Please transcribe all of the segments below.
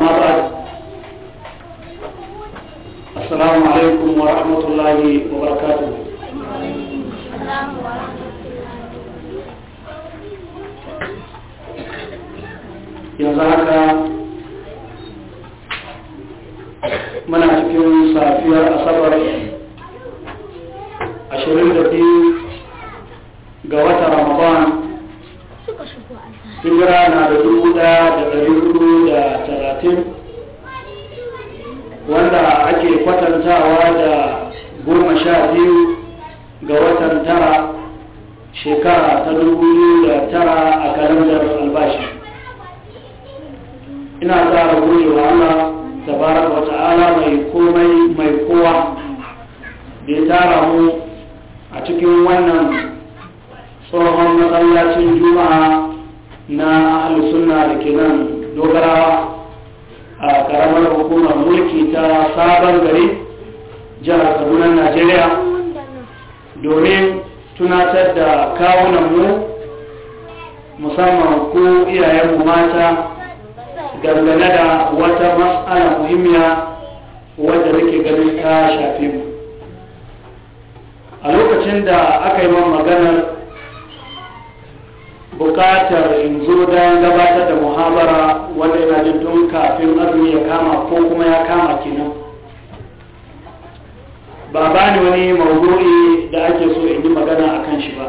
amma ba assalamu wa rahmatullahi wa barakatu yanzu haka muna cikin safiyar asabar 22 ga wata ramadan 2021 hijira na da dubu daya da ɗari hudu da talatin wanda ake kwatantawa da goma sha biyu ga watan tara shekara ta dubu biyu da tara a kalandar albashi ina tsara gujewa Allah tabaraka wa ta'ala mai komai mai kowa da ya tara mu a cikin wannan tsohon masallacin juma'a na alisunna da ke nan dogarawa a karamar hukumar mulki ta sabon gari jihar kaduna najeriya domin tunatar da kawunanmu musamman ku iyayenmu mata dangane da wata matsala muhimmiya wadda nake gani ta shafi mu a lokacin da aka yi man maganar bukatar in zo don gabatar da muhabara wanda yana jin tun kafin azumi ya kama ko kuma ya kama kenan ba ba ni wani mawuri da ake so in yi magana a kan shi ba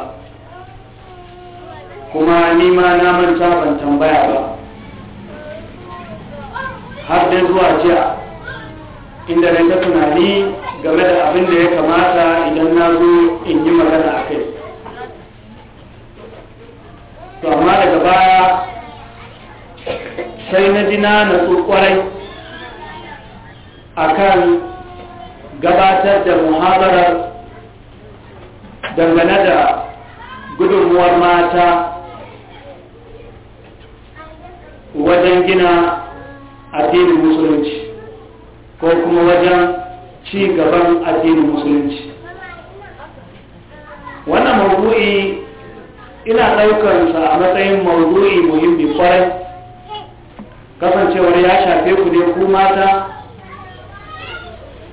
kuma nima na manta ban tambaya ba har dai zuwa jiya inda na ta tunani game da abin da ya kamata idan na zo in yi magana a kai to amma daga baya sai na ji na natsu kwarai kan gabatar da muhabarar dangane da gudunmuwar mata wajen gina addinin musulunci ko kuma wajen ci gaban addinin musulunci wannan mabu'i ina ɗaukar sa a matsayin mawdu'i muhimmi kwarai kasancewar ya shafe ku ne ku mata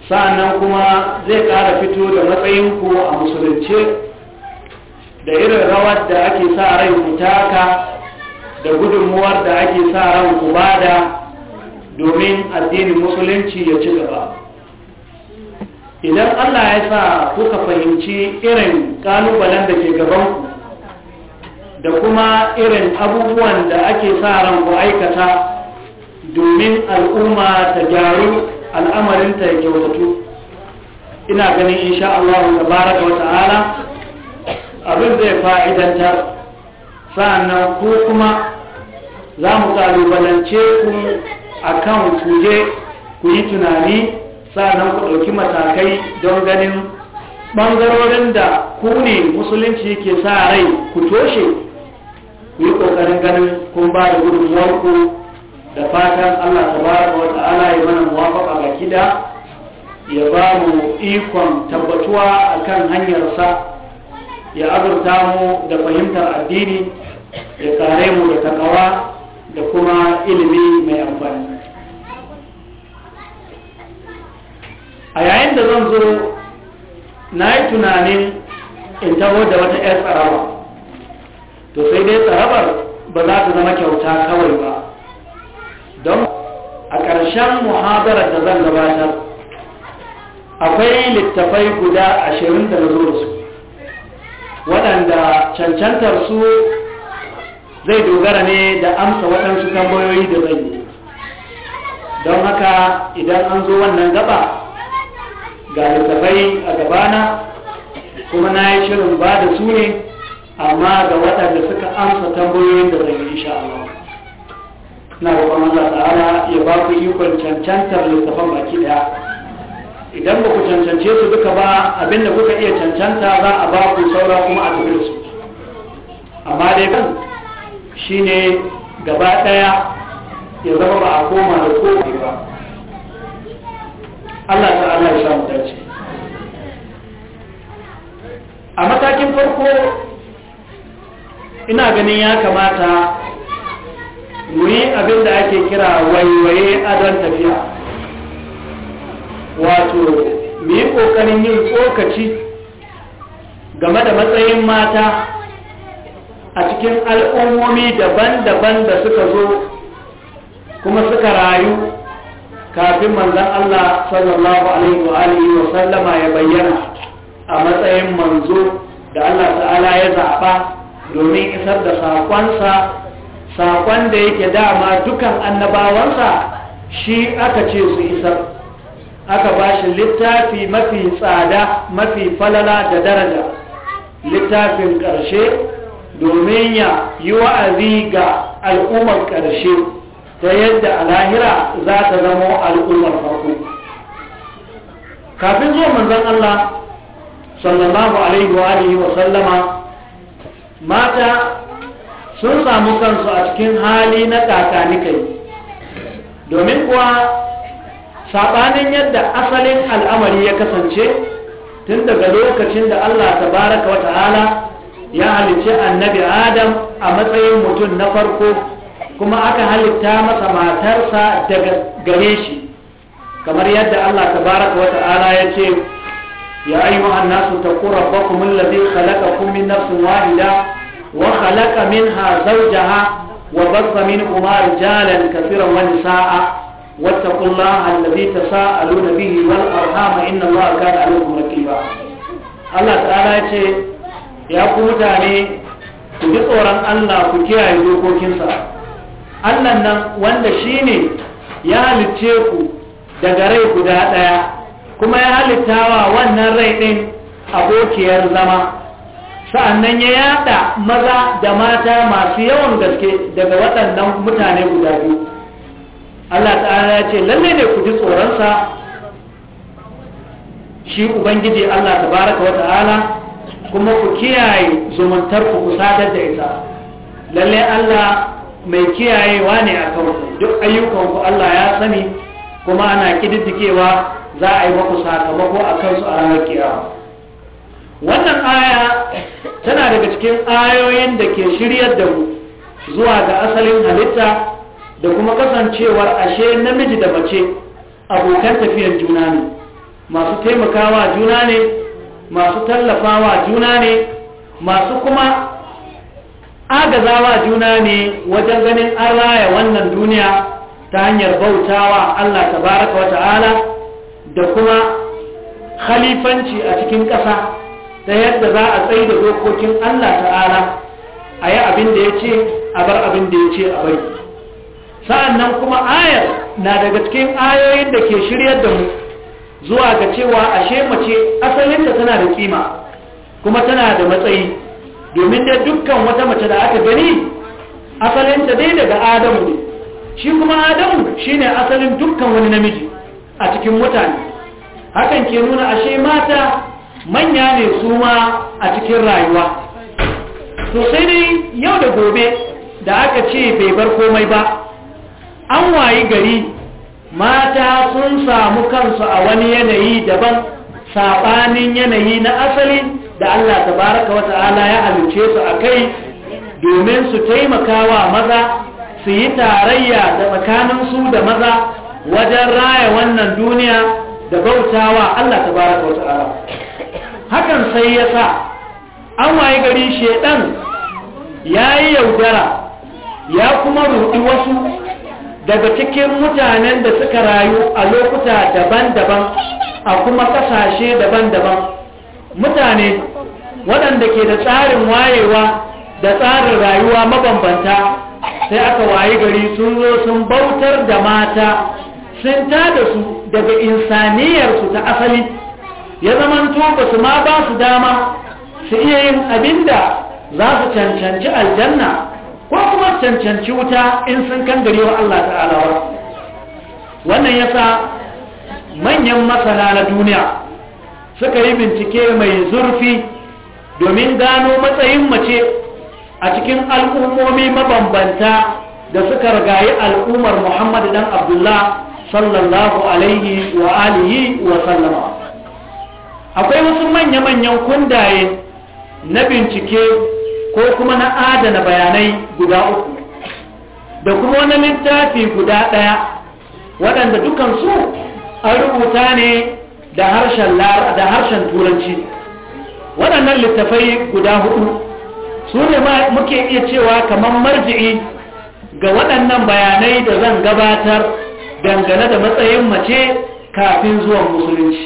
sa'annan kuma zai ƙara fito da matsayin ku a musulunce da irin rawar da ake sa rai ku taka da gudunmuwar da ake sa ran ku bada domin addinin musulunci ya ci gaba idan allah ya sa kuka fahimci irin kalubalen da ke gaban ku da kuma irin abubuwan da ake sa ran ku aikata domin al'umma ta gyaru al'amarinta ya kyautatu ina ganin insha Allah da baraka wa ta'ala abin zai fa'idantar sa'annan ku kuma za mu kalubalance ku a kan kuje ku yi tunani sa'annan ku ɗauki matakai don ganin ɓangarorin da ku ne musulunci yake sa rai ku toshe ku yi kokarin ganin kun ba da gudunmuwar ku da fatan Allah ta tabaraka wa ta'ala ya mana muwafaƙa ga kida ya ba mu ikon tabbatuwa a kan hanyarsa ya azurta mu da fahimtar addini ya kare mu da takawa da kuma ilimi mai amfani a yayin da zan zo na yi tunanin in taho da wata 'yar tsarawa to sai dai tsarabar ba za ta zama kyauta kawai ba don a ƙarshen muhabara da zan gabatar akwai littafai guda ashirin da na zuwa su waɗanda cancantar su zai dogara ne da amsa waɗansu tambayoyi da zai yi don haka idan an zo wannan gaba ga littafai a gabana kuma na yi shirin ba da su ne amma ga waɗanda suka amsa tambayoyin da zan yi insha Allah na za a ta'ala ya ba ku ikon cancantar littafan baki ɗaya idan ba ku cancance su duka ba abinda kuka iya cancanta za a ba ku saura kuma a tafi da su amma dai kan ne gaba ɗaya ya zama ba a koma da kowa ba Allah ta'ala ya samu dace a matakin farko ina ganin ya kamata mu yi abin da ake kira waiwaye adon tafiya wato mu yi ƙoƙarin yin tsokaci game da matsayin mata a cikin al'ummomi daban-daban da suka zo kuma suka rayu kafin manzan Allah sallallahu alaihi wa wa sallama ya bayyana a matsayin manzo da Allah ta'ala ya zaɓa domin isar da saƙonsa saƙon da yake dama dukan annabawansa shi aka ce su isar aka ba shi littafi mafi tsada mafi falala da daraja littafin ƙarshe domin ya yi wa'azi ga al'ummar ƙarshe ta yadda alahira za ta zama al'ummar farko kafin zuwa manzon Allah sallallahu alaihi wa sallama mata sun samu kansu a cikin hali na kai domin kuwa saɓanin yadda asalin al'amari ya kasance tun daga lokacin da allah tabaraka wata'ala ya halice annabi adam a matsayin mutum na farko kuma aka halitta masa matarsa daga gare shi kamar yadda allah tabaraka wata'ala ya ce يا أيها الناس اتقوا ربكم الذي خلقكم من نفس واحدة وخلق منها زوجها وبث منهما رجالا كثيرا ونساء واتقوا الله الذي تساءلون به والأرحام إن الله كان عليكم رقيبا الله تعالى يا كمتاني ku ji tsoron Allah ku kiyaye dokokinsa Allah nan wanda shine ya halicce ku daga rai guda ɗaya kuma ya halitta wa wannan rai ɗin abokiyar zama sa'annan ya yada maza da mata masu yawan gaske daga waɗannan mutane guda biyu Allah ta'ala ya ce lalle ne ku ji tsoronsa shi ubangiji Allah tabaraka wa ta'ala kuma ku kiyaye zumuntar ku kusadar da ita lalle Allah mai kiyayewa ne a kawai duk ayyukanku Allah ya sani kuma ana kididdigewa za a yi maku sakamako a kansu a ranar kiyama wannan aya tana daga cikin ayoyin da ke shirya da mu zuwa ga asalin halitta da kuma kasancewar ashe namiji da mace abokan tafiyar juna ne masu taimakawa juna ne masu tallafawa juna ne masu kuma agazawa juna ne wajen ganin an raya wannan duniya ta hanyar bautawa Allah tabaraka wa ta'ala da kuma khalifanci a cikin ƙasa ta yadda za a tsaye da dokokin Allah ta'ala a yi abin da ya ce a bar abin da ya ce a bari nan kuma ayar na daga cikin ayoyin da ke shiryar da mu zuwa ga cewa ashe mace asalinta tana da kima kuma tana da matsayi domin da dukkan wata mace da aka gani asalinta dai daga adamu ne shi kuma adamu shine asalin dukkan wani namiji a cikin mutane hakan ke nuna ashe mata manya ne su ma a cikin rayuwa to sai dai yau da gobe da aka ce bai bar komai ba an wayi gari mata sun samu kansu a wani yanayi daban saɓanin yanayi na asali da Allah tabaraka wa ta'ala ya halice su a kai domin su taimakawa maza su yi tarayya da tsakaninsu da maza wajen raya wannan duniya da bautawa Allah ta baraka wa ta'ala hakan sai ya sa an waye gari shedan yayi yaudara ya kuma ruɗi wasu daga cikin mutanen da suka rayu a lokuta daban-daban a kuma kasashe daban-daban mutane waɗanda ke da tsarin wayewa da tsarin rayuwa mabambanta sai aka waye gari sun zo sun bautar da mata sun da su daga insaniyarsu ta asali ya zama ba su ma ba su dama su iya yin abin da za su cancanci aljanna ko kuma cancanci wuta in sun kan gari wa Allah ta'ala ba wannan yasa manyan masana na duniya suka yi bincike mai zurfi domin gano matsayin mace a cikin al'ummomi mabambanta da suka ragayi al'ummar Muhammad dan Abdullah sallallahu alaihi wa alihi wa sallama akwai wasu manya-manyan kundaye na bincike ko kuma na adana bayanai guda uku da kuma wani littafi guda ɗaya waɗanda dukansu an rubuta ne da harshen turanci waɗannan littafai guda hudu su ne muke iya cewa kamar marji'i ga waɗannan bayanai da zan gabatar dangane da matsayin mace kafin zuwan musulunci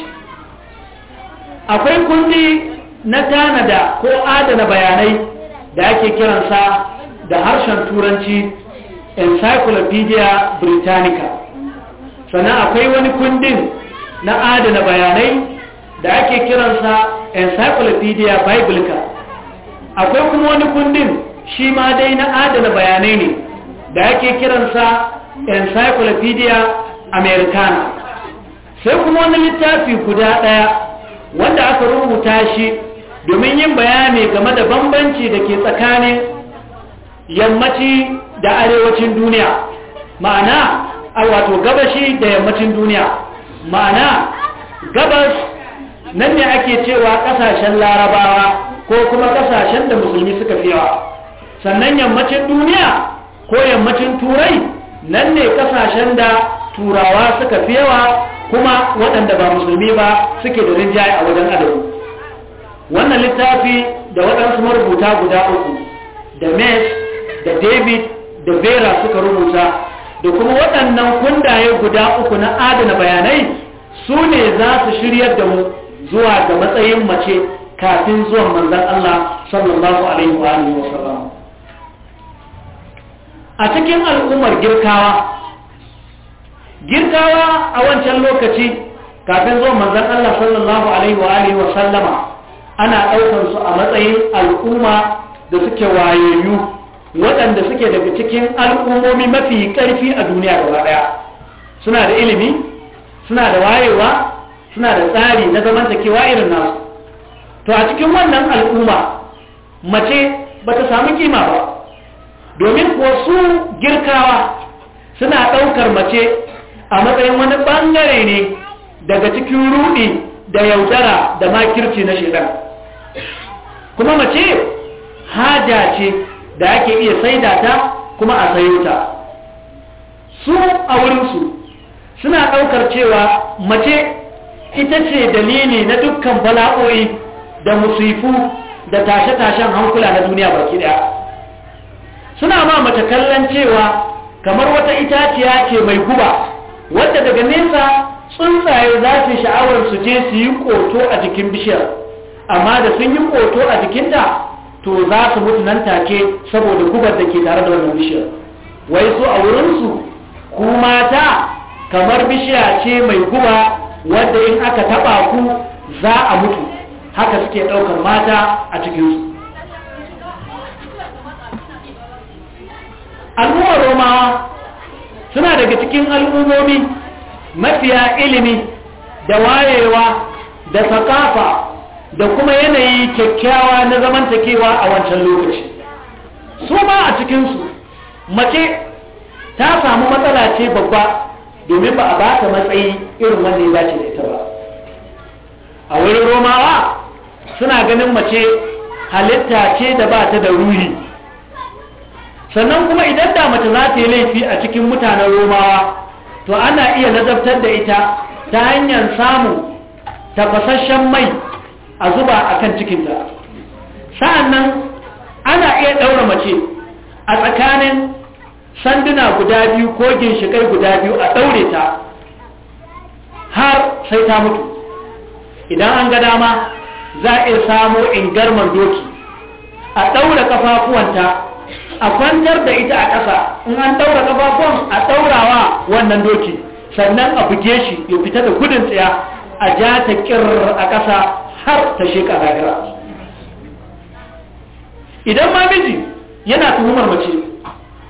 akwai kundi na tanada ko adana bayanai da ake kiransa da harshen turanci encyclopedia britannica sannan akwai wani kundin na adana bayanai da ake kiransa encyclopedia biblica akwai kuma wani kundin shi ma dai na adana bayanai ne da ake kiransa encyclopedia americana sai kuma wani littafi guda ɗaya wanda aka rubuta shi domin yin bayani game da bambanci da ke tsakanin yammaci da arewacin duniya ma'ana a wato gabashi da yammacin duniya ma'ana gabas nan ne ake cewa kasashen larabawa ko kuma kasashen da musulmi suka fi yawa, sannan yammacin duniya ko yammacin turai nan ne kasashen da turawa suka fi yawa kuma waɗanda ba musulmi ba suke da rinjaye a wajen adabu wannan littafi da waɗansu marubuta guda uku da mes da david da vera suka rubuta da kuma waɗannan kundaye guda uku na adana bayanai su ne za su shiryar da mu zuwa ga matsayin mace kafin zuwan manzan Allah sallallahu alaihi wa sallam a cikin al'ummar girkawa girkawa a wancan lokaci kafin zuwa manzan Allah sallallahu alaihi wa sallama ana ɗaukar su a matsayin al'umma da suke wayayyu waɗanda suke daga cikin al'ummomi mafi ƙarfi a duniya gaba ɗaya suna da ilimi suna da wayewa suna da tsari na zaman zamantakewa irin nasu to a cikin wannan al'umma mace ba ta samu kima ba domin kuwa su girkawa suna ɗaukar mace a matsayin wani ɓangare ne daga cikin ruɗi da yaudara da makirci na shekara kuma mace haja ce da ake iya saida ta kuma a sayo ta su a wurinsu suna ɗaukar cewa mace ita ce dalili na dukkan bala'o'i da musifu da tashe-tashen hankula na duniya baki ɗaya suna ma mace kallon cewa kamar wata itaciya ce mai guba wadda daga nesa tsuntsaye za su sha'awar su je su yi koto a jikin bishiyar amma da sun yi koto a jikinta to za su mutu nan take saboda gubar da ke tare da wannan bishiyar wai su a wurinsu ku mata kamar bishiya ce mai guba wadda in aka taba ku za a mutu haka suke ɗaukar mata a cikinsu al'ummar romawa suna daga cikin al'ummomi mafiya ilimi da wayewa da sakafa da kuma yanayi kyakkyawa na zamantakewa a wancan lokaci su ma a cikinsu mace ta samu matsala ce babba domin ba a ba ta matsayi irin wanda ya ce da ita ba a wurin romawa suna ganin mace halitta ce da ba ta da ruhi sannan kuma idan da mace za ta yi laifi a cikin mutanen romawa to ana iya ladabtar da ita ta hanyar samu tafasasshen mai a zuba a kan cikinta sa'annan ana iya ɗaura mace a tsakanin sanduna guda biyu ko ginshiƙai guda biyu a ɗaure ta har sai ta mutu idan an ga dama za a iya samo ingarman doki a ɗaura ƙafafuwanta a kwantar da ita a ƙasa in an ɗaura ƙafafuwan a ɗaurawa wannan doki sannan a buge shi ya fita da gudun tsaya a ja ta ƙirar a ƙasa har ta sheka gara. idan ma miji yana tuhumar mace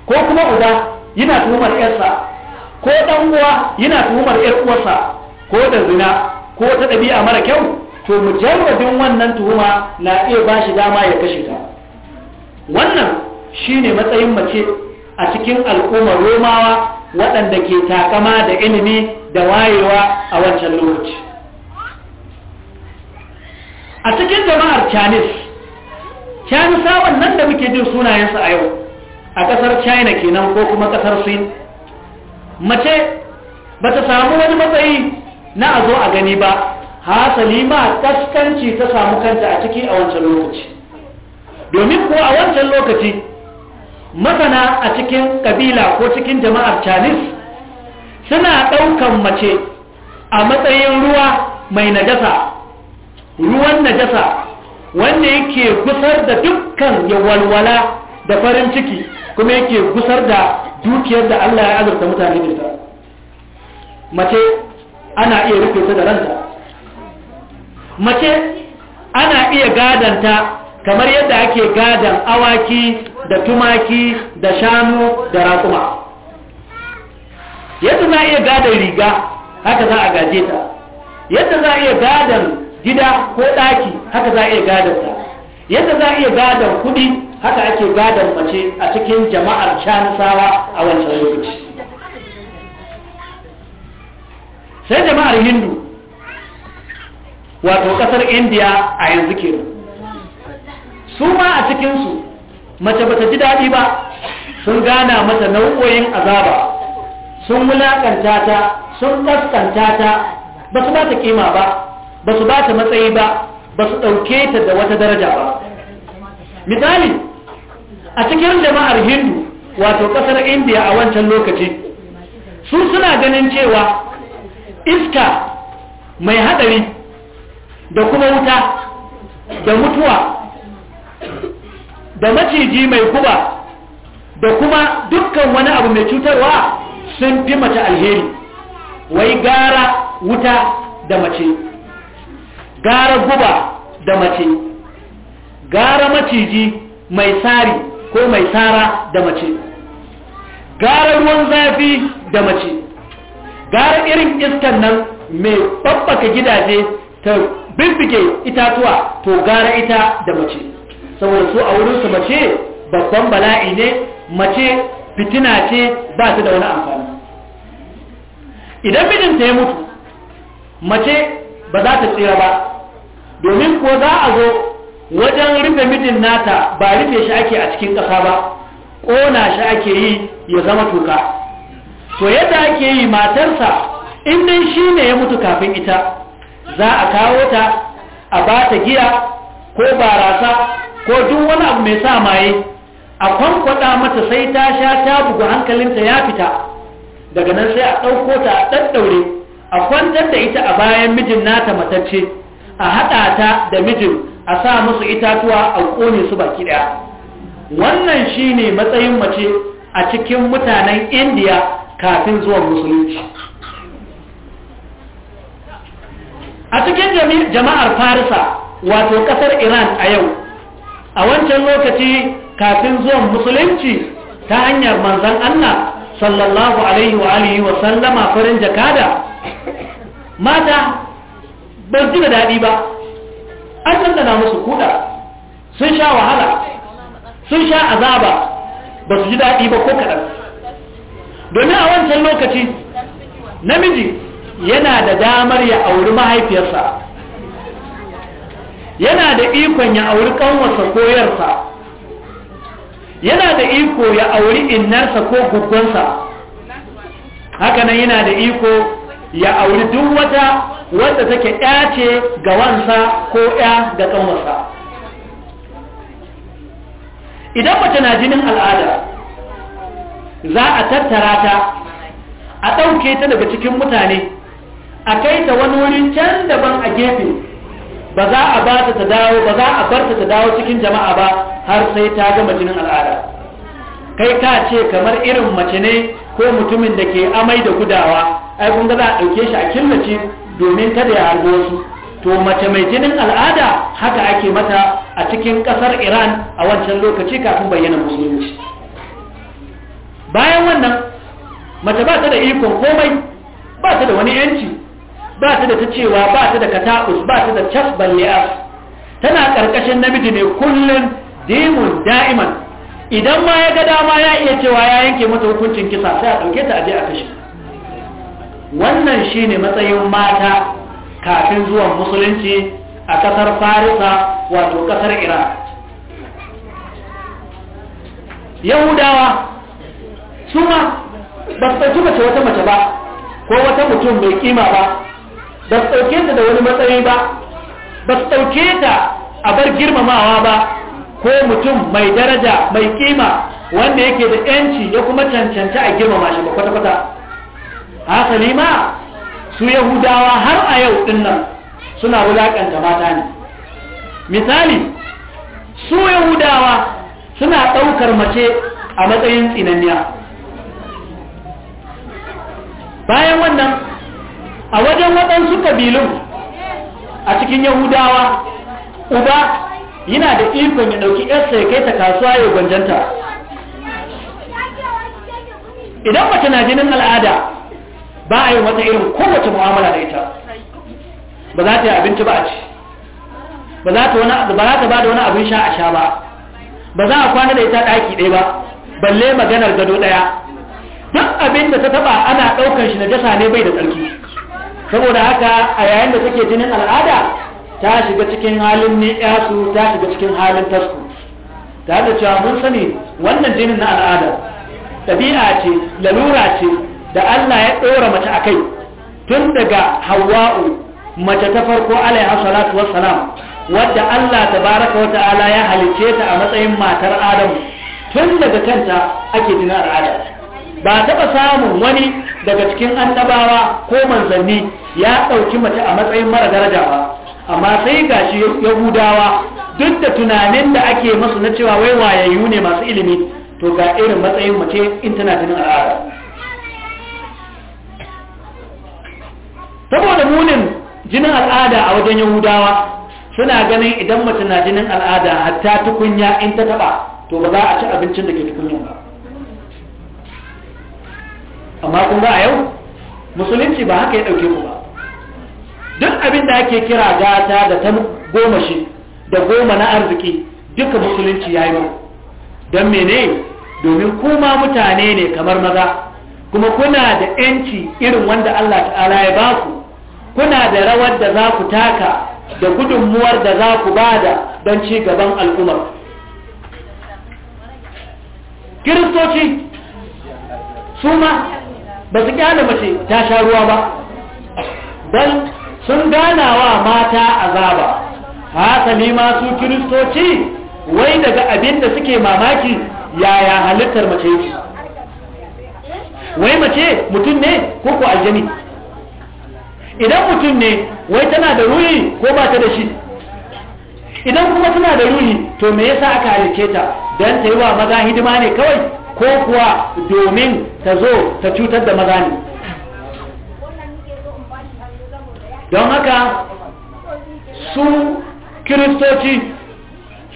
ko kuma uba yana tuhumar yarsa ko ɗan uwa yana tuhumar yar uwarsa ko da zina ko ta ɗabi'a mara kyau to mujarradin wannan tuhuma na iya ba shi dama ya kashe ta wannan Shi ne matsayin mace a cikin al'ummar romawa waɗanda ke takama da ilimi da wayewa a wancan lokaci a cikin jama'ar canis canisawan nan da muke jin sunayensu a yau a ƙasar china kenan ko kuma ƙasar sin mace ba ta samu wani matsayi na a zo a gani ba hasali ma kaskanci ta samu kanta a ciki a wancan lokaci domin ko a wancan lokaci masana a cikin kabila ko cikin jama'ar chinese suna ɗaukan mace a matsayin ruwa mai najasa ruwan najasa wanda yake gusar da dukkan ya walwala da farin ciki kuma yake gusar da dukiyar da Allah ya azurta mutane da mace ana iya rufe ta da ranta mace ana iya gadanta kamar yadda ake gadan awaki da tumaki da shanu da raƙuma yadda za a iya gadon riga haka za a gaje ta yadda za a iya gadon gida ko ɗaki haka za a iya gadon ta yadda za a iya gadon kuɗi haka ake gadon mace a cikin jama'ar sawa a wancan lokaci sai jama'ar hindu wato ƙasar indiya a yanzu kenan su ma a cikinsu mace bata ji daɗi ba sun gana mata nau'o'in azaba sun wulaƙanta ta sun ƙasƙanta ta ba su ba ta kima ba ba su ba ta matsayi ba ba su ɗauke ta da wata daraja ba misali a cikin jama'ar hindu wato ƙasar indiya a wancan lokaci su suna ganin cewa iska mai haɗari da kuma wuta da mutuwa da maciji mai kuba da kuma dukkan wani abu mai cutarwa sun fi mace alheri wai gara wuta da mace gara guba da mace gara maciji mai tsari ko mai tsara da mace gara ruwan zafi da mace gara irin iskan nan mai babbaka gidaje ta bibbige itatuwa to gara ita da mace saboda su a wurinsu mace babban bala'i ne mace fitina ce ba su da wani amfani idan mijinta ya mutu mace ba za ta tsira ba domin kuwa za a zo wajen rufe mijin nata ba rufe shi ake a cikin ƙasa ba ko na shi ake yi ya zama tuka to yadda ake yi matarsa inda shi ne ya mutu kafin ita za a kawo ta a ba ta giya ko barasa ko duk wani abu mai sa maye a kwankwada mata sai ta sha ta bugu hankalinta ya fita daga nan sai a ɗauko ta a ɗaɗɗaure a kwantar da ita a bayan mijin nata matacce a haɗa ta da mijin a sa musu itatuwa a ƙone su baki ɗaya wannan shine matsayin mace a cikin mutanen indiya kafin zuwa musulunci a cikin jama'ar farisa wato ƙasar iran a yau a wancan lokaci kafin zuwan musulunci ta hanyar manzan Allah sallallahu alaihi wa alihi wa sallama farin jakada mata ba ji da daɗi ba an na musu kuɗa sun sha wahala sun sha azaba ba su ji daɗi ba ko kaɗan domin a wancan lokaci namiji yana da damar ya auri mahaifiyarsa yana da ikon ya auri ƙanwarsa ko yarsa yana da iko ya auri innarsa ko guggonsa hakanan yana da iko ya auri duk wata wadda take ya ce ga wansa ko ya ga ƙanwarsa. idan mace na jinin al'ada za a tattara ta a ɗauke ta daga cikin mutane a kai ta wani wurin can daban a gefe ba za a ba ta dawo ba za a bar ta dawo cikin jama'a ba har sai ta gama jinin al'ada kai ka ce kamar irin mace ne ko mutumin da ke amai da gudawa ai kun ga za a ɗauke shi a killace domin kada ya hargo wasu to mace mai jinin al'ada haka ake mata a cikin ƙasar iran a wancan lokaci kafin bayyana musulunci bayan wannan mace ba ta da ikon komai ba ta da wani yanci ba su da ta cewa ba su da kata'us ba su da cas balliya tana karkashin namiji ne kullum demon da'iman idan ma ya ga dama ya iya cewa ya yanke mata hukuncin kisa sai a ɗauke ta aje a kashe wannan shine matsayin mata kafin zuwan musulunci a ƙasar farisa wato ƙasar ira yahudawa su ma ba su ɗauki mace wata mace ba ko wata mutum mai kima ba ba su ɗauke ta da wani matsayi ba ba su ɗauke ta a bar girmamawa ba ko mutum mai daraja mai kima wanda yake da yanci ya kuma cancanta a girmama shi ba kwata-kwata a salima su yahudawa har a yau dinnan suna wulaƙanta mata ne misali su yahudawa suna ɗaukar mace a matsayin tsinaniya bayan wannan a wajen waɗansu ƙabilun a cikin yahudawa uba yana da ikon ya ɗauki yarsa ya kai ta kasuwa ya gwanjanta idan mace na jinin al'ada ba a yi mata irin kowace mu'amala da ita ba za ta yi abinci ba a ci ba za ta ba da wani abin sha a sha ba ba za a kwana da ita ɗaki ɗaya ba balle maganar gado ɗaya duk abin da ta taɓa ana ɗaukar shi na jasa ne bai da tsarki saboda haka a yayin da take jinin al'ada ta shiga cikin halin ne yasu ta shiga cikin halin tasku ta da cewa mun sani wannan jinin na al'ada ɗabi'a ce lalura ce da Allah ya ɗora mace a kai tun daga hawa'u mace ta farko alaiha salatu wassalam wadda Allah Ta baraka wa ta'ala ya halice ta a matsayin matar Adamu tun daga kanta ake jinin al'ada ba taɓa samun wani daga cikin annabawa ko manzanni ya ɗauki mace a matsayin mara daraja ba amma sai gashi yahudawa duk da tunanin da ake masu na cewa wai wayayyu ne masu ilimi to ga irin matsayin mace in tana jinin al'ada saboda munin jinin al'ada a wajen yahudawa suna ganin idan mace na jinin al'ada hatta tukunya in ta taba to ba za a ci abincin da ke tukunya ba amma kun ga a yau musulunci ba haka ya ɗauke ku ba duk abin da ake kira gata da ta goma shi da goma na arziki duka musulunci ya yi don mene domin kuma mutane ne kamar maza kuma kuna da 'yanci irin wanda Allah ta'ala ya ba ku kuna da rawar da za ku taka da gudunmuwar da za ku ba da don ci gaban al'ummar kiristoci su ma ba su kyale mace ta sha ruwa ba don sun wa mata azaba ne masu kiristoci wai daga abin da suke mamaki yaya halittar mace yake? wai mace mutum ne ko ko aljani idan mutum ne wai tana da ruhi ko ba ta da shi idan kuma tana da ruhi to me yasa aka halice ta don ta yi wa maza hidima ne kawai ko kuwa domin ta zo ta cutar da maza ne don haka su kiristoci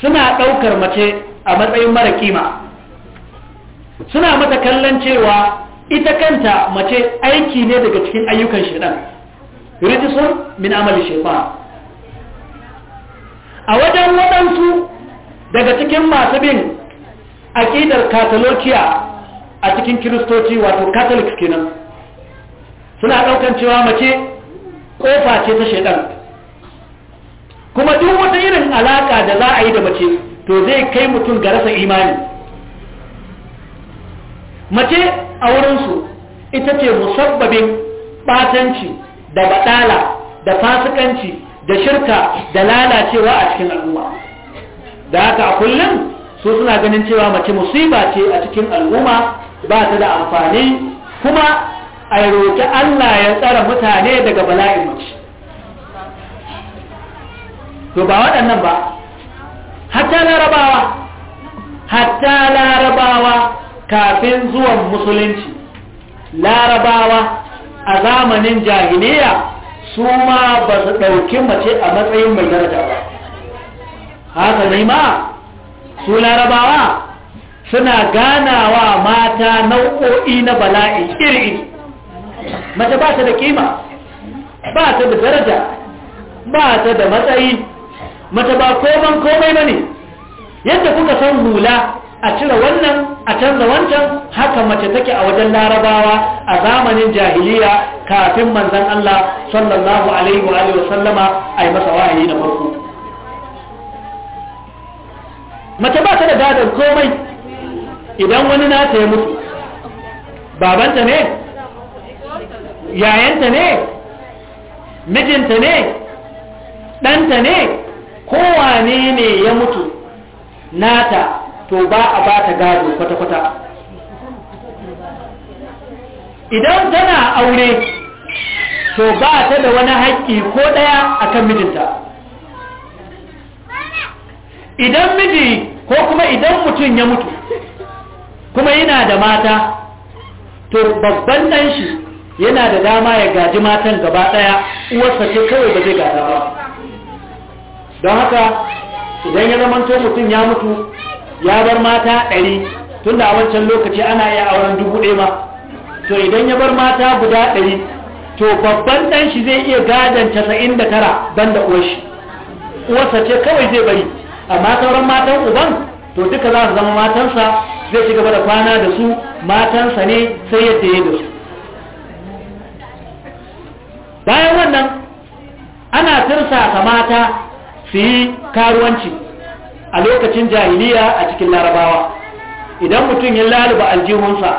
suna ɗaukar mace a matsayin mara kima suna mata kallon cewa ita kanta mace aiki ne daga cikin ayyukan shaidan rijisun min amali shaitan a wajen waɗansu daga cikin masu bin aƙidar katolokiya a cikin kiristoci wato katolik kenan suna ɗaukan cewa mace ƙofa ce ta shaidan kuma duk wata irin alaƙa da za a yi da mace to zai kai mutum ga rasa imani mace a wurinsu ita ce musabbabin ɓatanci da baɗala da fasikanci da shirka da lalacewa a cikin al'umma da haka a kullum so suna ganin cewa mace musiba ce a cikin al'umma ba ta da amfani kuma a roƙi Allah ya tsara mutane daga bala'in mace to ba waɗannan ba hatta larabawa hatta larabawa kafin zuwan musulunci larabawa a zamanin jahiliya su ma ba su ɗauki mace a matsayin mai daraja ba haka ne su larabawa suna ganawa mata nau'o'i na bala'i iri-iri mace ba ta da kima ba ta da daraja ba ta da matsayi mace ba koman komai ba ne yadda kuka san hula a cire wannan a canza wancan haka mace take a wajen larabawa a zamanin jahiliya kafin manzan Allah sallallahu alaihi wa sallama a yi masa wahayi na farko mace ba ta da gadon komai idan wani nata ya mutu babanta ne yayanta ne mijinta ne ɗanta ne kowane ne ya mutu nata to ba a ba ta gado kwata-kwata idan tana aure to ba ta da wani haƙƙi ko ɗaya akan mijinta idan miji ko kuma idan mutum ya mutu kuma yana da mata to babban ɗan shi yana da dama ya gaji matan gaba ɗaya uwarsa ce kawai ba zai gada ba don haka idan ya zamanto mutum ya mutu ya bar mata ɗari tunda a wancan lokaci ana iya auren dubu ɗaya ba to idan ya bar mata guda ɗari to babban ɗan shi zai iya gadon casa'in da tara ban da uwar shi uwarsa ce kawai zai bari amma sauran matan uban to duka za su zama matansa zai ci gaba da kwana da su matansa ne sai yadda ya da su bayan wannan ana tirsasa mata su yi karuwanci a lokacin jahiliya a cikin larabawa idan mutum ya laluba aljihunsa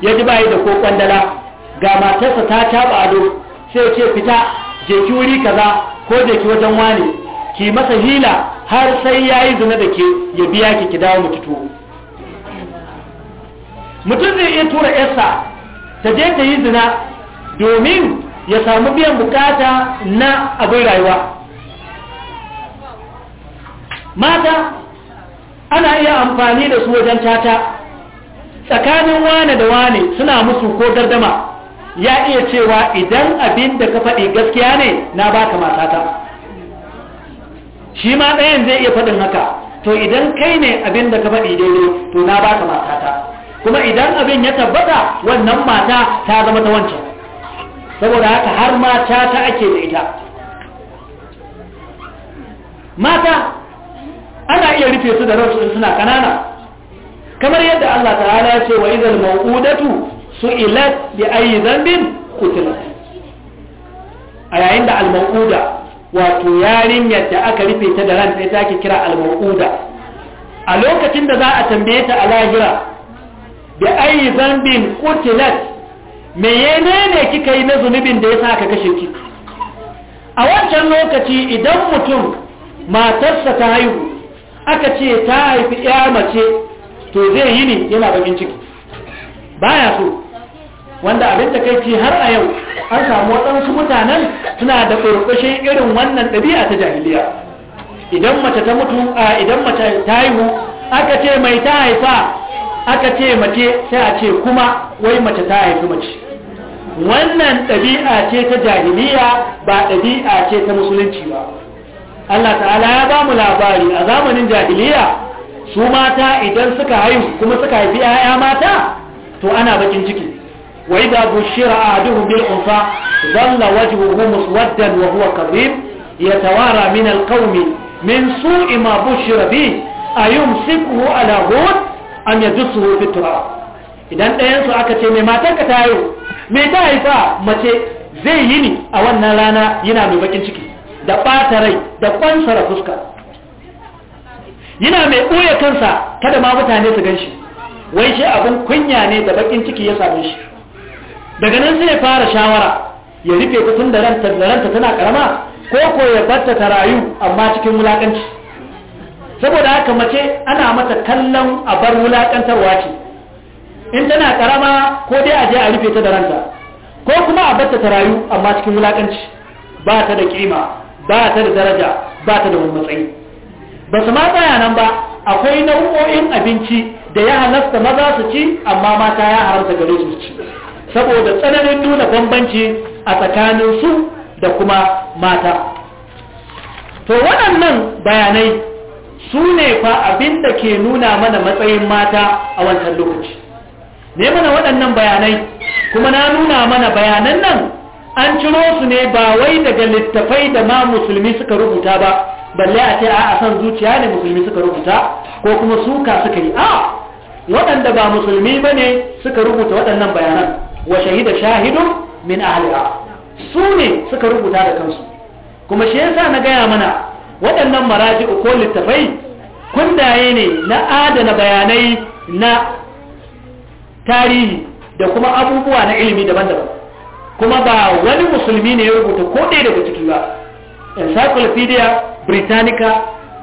ya ji bayi da ko kwandala ga matarsa ta taba ado sai ce fita jeki wuri kaza ko jeki wajen wani ki masa hila har sai ya yi zina da ke ya biya ki ki dawo mutu mutum zai iya tura yarsa ta je ta yi zina domin ya samu biyan bukata na abin rayuwa mata ana iya amfani da su wajen tata tsakanin wane da wane suna musu ko dardama ya iya cewa idan abin da ka faɗi gaskiya ne na baka matata shi ma ɗayan zai iya faɗin haka to idan kai ne abin da ka faɗi daidai to na baka matata kuma idan abin ya tabbata wannan mata ta zama ta wancan saboda haka har mata ta ake da ita mata ana iya rufe su da rasu suna kanana kamar yadda Allah ta'ala ya ce wa ma'udatu su su'ilat bi ayi zambin qutilat a yayin da al-mau'uda wato yarinyar da aka rufe ta da ran sai ta kira al-mau'uda a lokacin da za a tambaye ta a lahira da ayi zambin qutilat me ne kika yi na zunubin da yasa ka kashe ki a wancan lokaci idan mutum matarsa ta haihu aka ce ta haifi ya mace to zai yi ne yana bakin ciki baya so wanda abin da kai har a yau an samu waɗansu mutanen suna da ƙurƙushin irin wannan ɗabi'a ta jahiliya idan mace ta mutu a idan mace ta haihu aka ce mai ta haifa aka ce mace sai a ce kuma wai mace ta haifi mace wannan ɗabi'a ce ta jahiliya ba ɗabi'a ce ta musulunci ba Allah ta'ala ya ba mu labari a zamanin jahiliya su mata idan suka haihu kuma suka haifi 'ya'ya mata to ana bakin ciki وإذا بشر أحدهم بالأنثى ظل وجهه مسودا وهو كظيم يتوارى من القوم من سوء ما بشر به أيمسكه على هون أم يدسه في التراب idan ɗayansu aka ce mai matanka ta haihu mai ta haifa mace zai yi ni a wannan rana yana mai bakin ciki da ɓata rai da kwansara fuska yana mai ɓoye kansa kada ma mutane su gan shi wai shi abin kunya ne da bakin ciki ya same shi daga nan zai fara shawara ya rike ta tun da ranta tana karama ko ko ya batta ta rayu amma cikin mulakanci saboda haka mace ana mata kallon a bar wulakantarwa ce in tana karama ko dai a je a rufe ta da ranta ko kuma a batta ta rayu amma cikin mulakanci ba ta da kima ba ta da daraja ba ta da matsayi ba su ma tsaya nan ba akwai nau'o'in abinci da ya halasta maza su ci amma mata ya haramta gare su ci saboda tsananin nuna bambanci a tsakanin su da kuma mata to waɗannan bayanai su ne fa abin da ke nuna mana matsayin mata a wancan lokaci ne mana waɗannan bayanai kuma na nuna mana bayanan nan an ciro su ne ba wai daga littafai da ma musulmi suka rubuta ba balle a ce a san zuciya ne musulmi suka rubuta ko kuma suka suka yi a waɗanda ba musulmi ba ne suka rubuta waɗannan bayanan wa shahida shahidun min ahliha su ne suka rubuta da kansu kuma shi yasa na gaya mana waɗannan maraji'u ko littafai kundaye ne na adana bayanai na tarihi da kuma abubuwa na ilimi daban-daban kuma ba wani musulmi ne ya rubuta ko ɗaya daga ciki ba encyclopedia britannica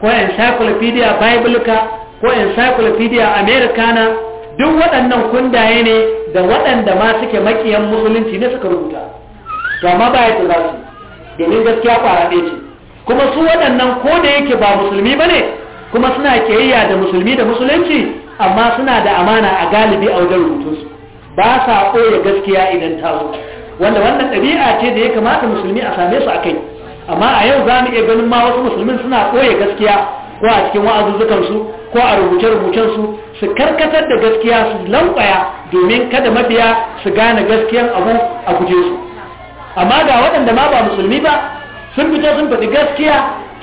ko encyclopedia biblica ko encyclopedia americana duk waɗannan kundaye ne da waɗanda ma suke makiyan musulunci ne suka rubuta to amma ba ya za su domin gaskiya kwara ɗaya ce kuma su waɗannan ko da yake ba musulmi ba ne kuma suna kiyayya da musulmi da musulunci amma suna da amana a galibi a wajen rubutunsu ba sa ɓoye gaskiya idan ta zo wanda wannan ɗabi'a ce da ya kamata musulmi a same su a kai amma a yau za mu iya ganin ma wasu musulmin suna ɓoye gaskiya ko a cikin wa'azuzzukansu ko a rubuce-rubucensu su karkatar da gaskiya su lankwaya domin kada mabiya su gane gaskiyan abu a guje su amma ga waɗanda ma ba musulmi ba sun fito sun faɗi gaskiya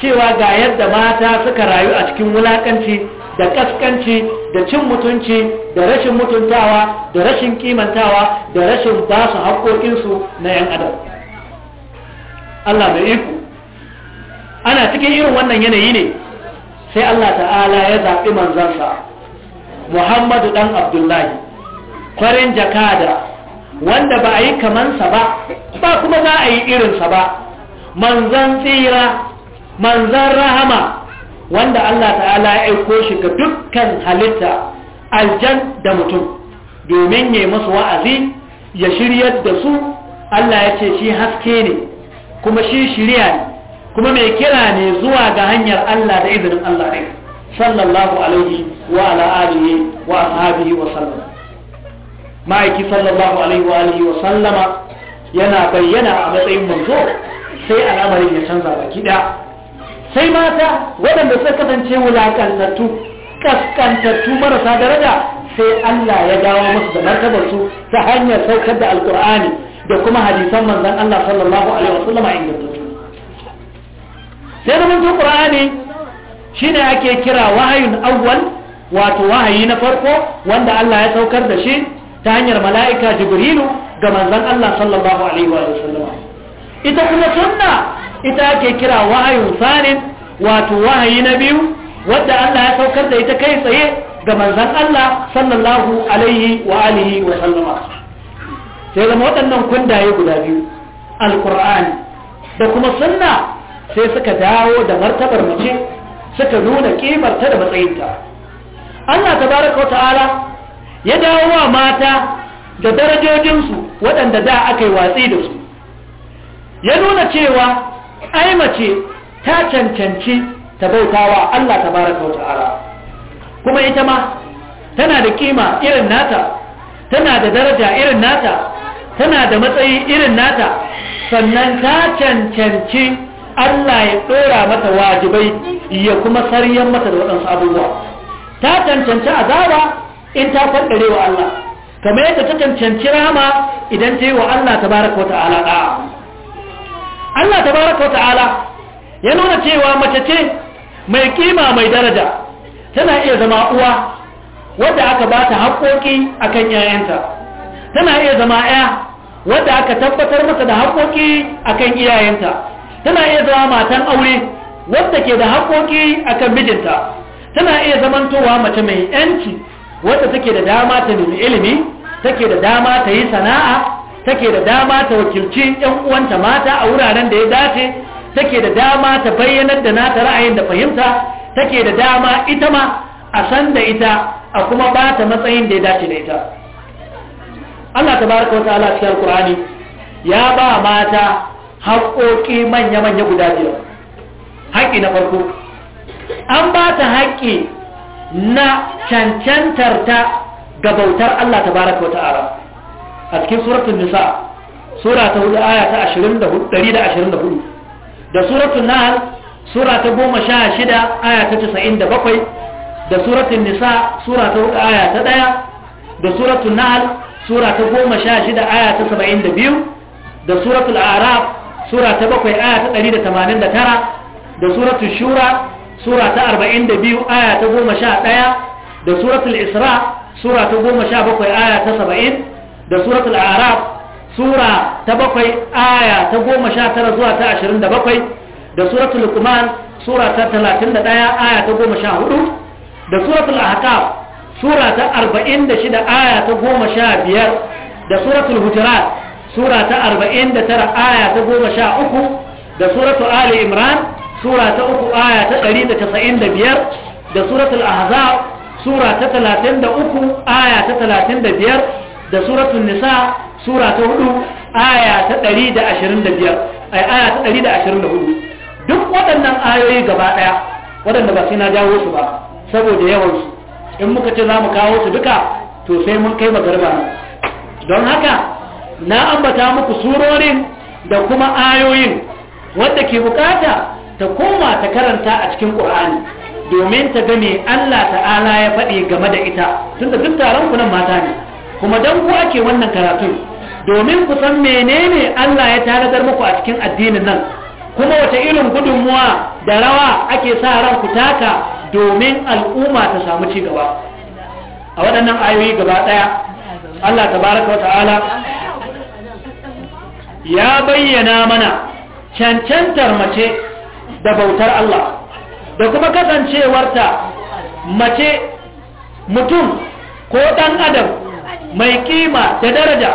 cewa ga yadda mata suka rayu a cikin wulaƙanci da ƙaskanci da cin mutunci da rashin mutuntawa da rashin kimantawa da rashin ba su haƙoƙinsu na 'yan adam Allah da iko ana cikin irin wannan yanayi ne sai Allah ta'ala ya zaɓi manzansa muhammadu dan abdullahi kwarin jakada wanda ba a yi kamansa ba ba kuma za a yi irinsa ba manzan tsira manzan rahama wanda Allah ta'ala ya aiko shi ga dukkan halitta aljan da mutum domin ya masu wa'azi ya shiryar da su Allah ya ce shi haske ne kuma shi shirya ne kuma mai kira ne zuwa ga hanyar Allah da izinin Allah ne sallallahu alaihi wa ala alihi wa ashabihi wa sallam ma'aiki sallallahu alaihi wa alihi wa sallama yana bayyana a matsayin manzo sai al'amarin ya canza baki da sai mata waɗanda suka kasance wulakantattu kaskantattu marasa daraja sai Allah ya dawo musu da su ta hanyar saukar da alkur'ani da kuma hadisan manzon Allah sallallahu alaihi wa sallama ingantattu sai da manzo qur'ani shine ake kira wahayun awwal wato wahayi na farko wanda Allah ya saukar da shi ta hanyar mala'ika jibrilu ga manzan Allah sallallahu alaihi wa ita kuma sunna ita ake kira wahayin sanin wato wahayi na biyu wadda Allah ya saukar da ita kai tsaye ga manzon Allah sallallahu alaihi wa wa sallama sai zama waɗannan kundaye guda biyu alkur'ani da kuma sunna sai suka dawo da martabar mace suka nuna kimarta da matsayinta Allah tabaraka wa ta'ala ya dawo wa mata da darajojinsu waɗanda da aka yi watsi da su ya nuna cewa ai mace ta cancanci ta bautawa Allah wa ta'ala kuma ita ma tana da kima irin nata tana da daraja irin nata tana da matsayi irin nata sannan ta cancanci Allah ya ɗora mata wajibai ya kuma sariyan mata da waɗansu abubuwa ta cancanci azaba in ta faɗare wa Allah kamar yadda ta cancanci rama idan ta yi wa Allah baraka wa ta'ala da'a Allah baraka wa ta'ala ya nuna cewa mace ce mai ƙima mai daraja tana iya zama uwa wadda aka ba ta haƙoƙi a kan yayanta tana iya zama ya wadda aka tabbatar masa da haƙoƙi a kan iyayenta tana iya zama matan aure wadda ke da haƙoƙi a kan mijinta tana iya zamantowa mace mai yanci wadda take da dama ta nemi ilimi take da dama ta yi sana'a take da dama ta wakilci yan uwanta mata a wuraren da ya dace take da dama ta bayyanar da nata ra'ayin da fahimta take da dama ita ma a san da ita a kuma ba ta matsayin da ya dace da ita Allah tabaraka wa ta'ala cikin Qur'ani ya ba mata haƙoƙi manya-manya guda biyar Haƙƙi na farko an ba ta haƙƙi na cancantar ta ga bautar Allah ta baraka wata ara a cikin suratun nisa sura ta hudu aya ta 124 da suratun nahal sura ta 16 aya ta 97 da suratun nisa sura ta hudu aya ta 1 da suratun nahal sura ta 16 aya ta 72 da suratul araf sura ta 7 aya ta 189 da suratun shura sura ta 42 aya ta 11 da suratul isra sura ta 17 aya ta 70 da suratul araf sura ta 7 aya ta 19 zuwa ta 27 da suratul luqman sura ta 31 aya ta 14 da suratul ahqaf sura ta 46 aya ta 15 da suratul hujurat sura ta 49 aya ta 13 da suratul ali imran sura ta uku aya ta 195 da biyar. Da suratul ahzab sura ta 33 aya ta talatin da biyar. Da suratul nisa sura ta 4 aya ta 125 ai aya ta 124 duk waɗannan ayoyi gaba ɗaya waɗanda ba sai na jawo su ba saboda yawansu in muka ce za mu kawo su duka to sai mun kai magarba don haka na ambata muku surorin da kuma ayoyin wadda ke bukata ta koma ta karanta a cikin ƙur'ani domin ta ga Allah ta'ala ya faɗi game da ita tunda duk taron ku nan mata ne kuma dan ku ake wannan karatu domin ku san menene Allah ya tanadar muku a cikin addinin nan kuma wata irin gudunmuwa da rawa ake sa ran ku taka domin al'umma ta samu ci gaba a waɗannan ayoyi gaba ɗaya Allah tabaraka ta'ala ya bayyana mana cancantar mace da bautar Allah da kuma kasancewarta mace mutum ko ɗan adam mai kima da daraja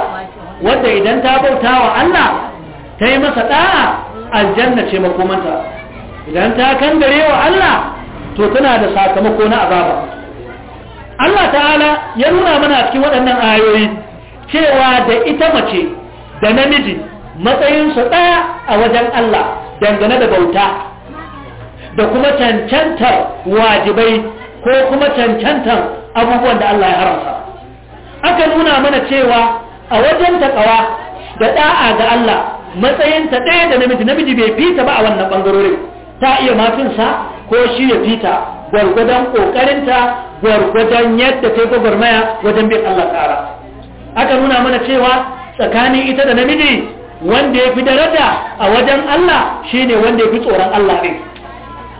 wanda idan ta bauta wa Allah ta yi masa ɗa'a aljanna ce makomanta idan ta kangare wa Allah to tana da sakamako na azaba Allah ta'ala ya nuna mana cikin waɗannan ayoyi cewa da ita mace da namiji matsayinsu ɗaya a wajen Allah dangane da bauta da kuma cancantar wajibai ko kuma cancantar abubuwan da Allah ya haramta aka nuna mana cewa a wajen takawa da da'a ga Allah matsayinta ɗaya da namiji namiji bai fita ba a wannan bangarorin ta iya mafinsa ko shi ya fita gwargwadon ƙoƙarinta gwargwadon yadda ta yi gwagwarmaya wajen bin Allah ƙara. aka nuna mana cewa tsakanin ita da namiji wanda ya fi daraja a wajen Allah shine wanda ya fi tsoron Allah ne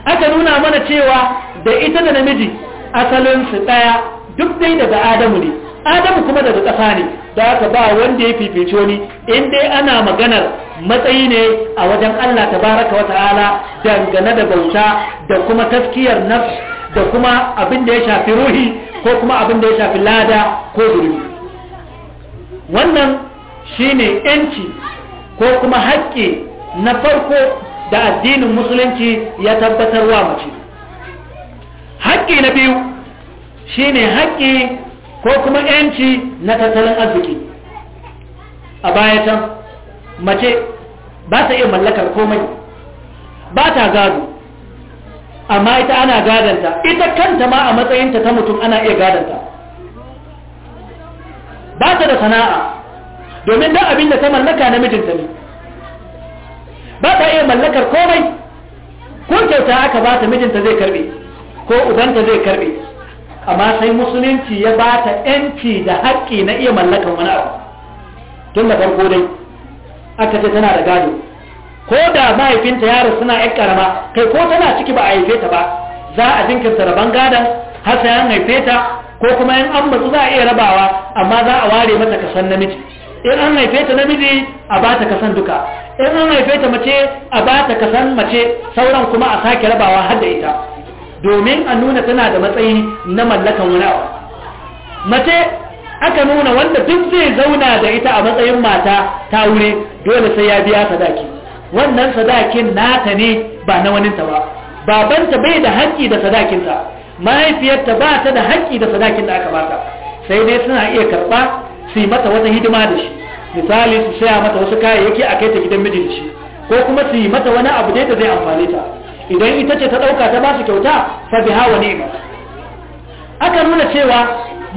aka nuna mana cewa da ita da namiji asalinsu ɗaya duk dai daga adamu ne adamu kuma daga ƙasa ne da aka ba wanda ya fifice wani in dai ana maganar matsayi ne a wajen allah tabaraka wa ta'ala dangane da bauta da kuma taskiyar nafs da kuma abin da ya shafi ruhi ko kuma abin da ya shafi lada ko zurfi wannan shine yanci ko kuma haƙƙi na farko da addinin musulunci ya tabbatar wa mace haƙƙi na biyu shine haƙƙi ko kuma yanci na tattalin arziki a bayatan mace ba ta iya mallakar komai ba ta gado amma ita ana gadanta ita kanta ma a matsayinta ta mutum ana iya gadanta ba ta da sana'a domin don abin da ta mallaka na mijinta ne ba ta iya mallakar komai ko kyauta aka ba ta mijinta zai karbe ko ubanta zai karbe amma sai musulunci ya ba ta yanci da haƙƙi na iya mallakar wani abu tun da farko dai aka ce tana da gado ko da mahaifinta yaro suna yan karama kai ko tana ciki ba a haife ta ba za a jinkirta rabon gadon har sai an haife ta ko kuma yan an batu za a iya rabawa amma za a ware mata kasan namiji in an haife ta namiji a ba ta kasan duka in an haife ta mace a ba ta kasan mace sauran kuma a sake rabawa har da ita domin a nuna tana da matsayi na mallakan wani abu mace aka nuna wanda duk zai zauna da ita a matsayin mata ta wuri dole sai ya biya sadaki wannan sadakin nata ne ba na waninta ba babanta bai da haƙƙi da sadakinta mahaifiyarta ba ta da haƙƙi da sadakin da aka bata sai dai suna iya karɓa su yi mata wata hidima da shi misali su saya mata wasu kayayyaki a kai ta gidan mijinci, ko kuma su yi mata wani abu dai da zai amfane ta idan ita ce ta ɗauka ta ba su kyauta fa biha wa ni'ma aka nuna cewa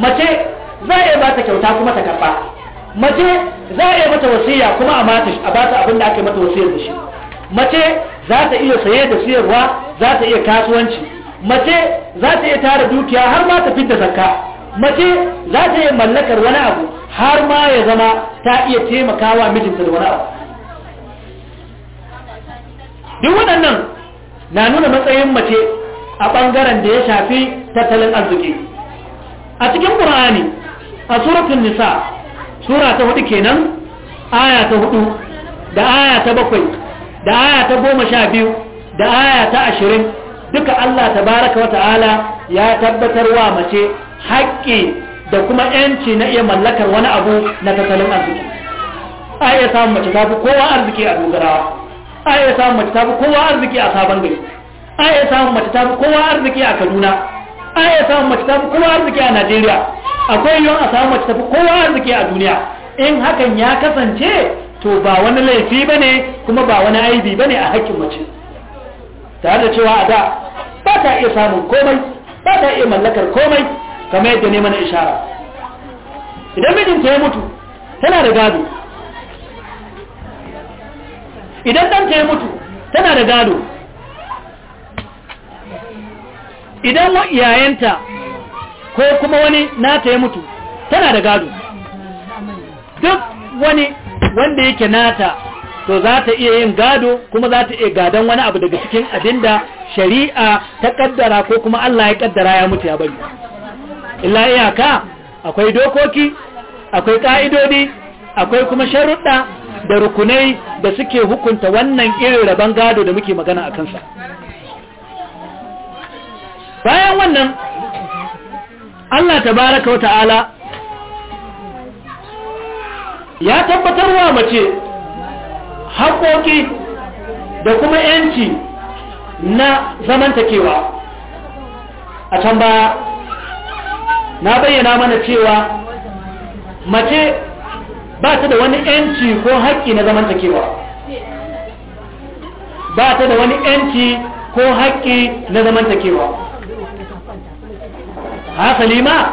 mace za a ba ta kyauta kuma ta karba mace za a mata wasiya kuma a mata a ba ta abin da aka mata wasiyar da shi mace za ta iya saye da siyarwa za ta iya kasuwanci mace za ta iya tara dukiya har ma ta fitta zakka mace za ta iya mallakar wani abu har ma ya zama ta iya taimakawa mijinta da wani abu duk waɗannan na nuna matsayin mace a ɓangaren da ya shafi tattalin arziki a cikin ƙur'ani a suratun nisa sura ta hudu kenan aya ta hudu da aya ta bakwai da aya ta goma sha biyu da aya ta ashirin duka allah ta baraka wata'ala ya tabbatar wa mace haƙƙi da kuma yanci na iya mallakar wani abu na tattalin arziki a iya samun mace ta fi kowa arziki a dogarawa a iya samun mace ta fi kowa arziki a sabon gari a iya samun mace ta fi kowa arziki a kaduna a iya samun mace ta fi kowa arziki a najeriya akwai yiwuwar a samun mace ta fi kowa arziki a duniya in hakan ya kasance to ba wani laifi ba ne kuma ba wani aibi ba ne a hakkin mace tare da cewa a da ba ta iya samun komai ba ta iya mallakar komai kamar yadda ne mana ishara idan mijinta ya mutu tana da gado idan ta ya mutu tana da gado idan yayanta ko kuma wani nata ya mutu tana da gado duk wani wanda yake nata to za ta iya yin gado kuma za ta iya gadon wani abu daga cikin abinda shari'a ta kaddara ko kuma Allah ya kaddara ya mutu ya bari illa iyaka akwai dokoki akwai ƙa'idodi akwai kuma sharuɗa da rukunai da suke hukunta wannan irin rabon gado da muke magana a kansa bayan wannan Allah tabaraka wata'ala ya tabbatarwa mace haƙoƙi da kuma ‘yanci na zamantakewa a can baya na bayyana mana cewa mace ba ta da wani yanci ko haƙƙi na zamantakewa ba ta da wani yanci ko haƙƙi na zamantakewa hasali ma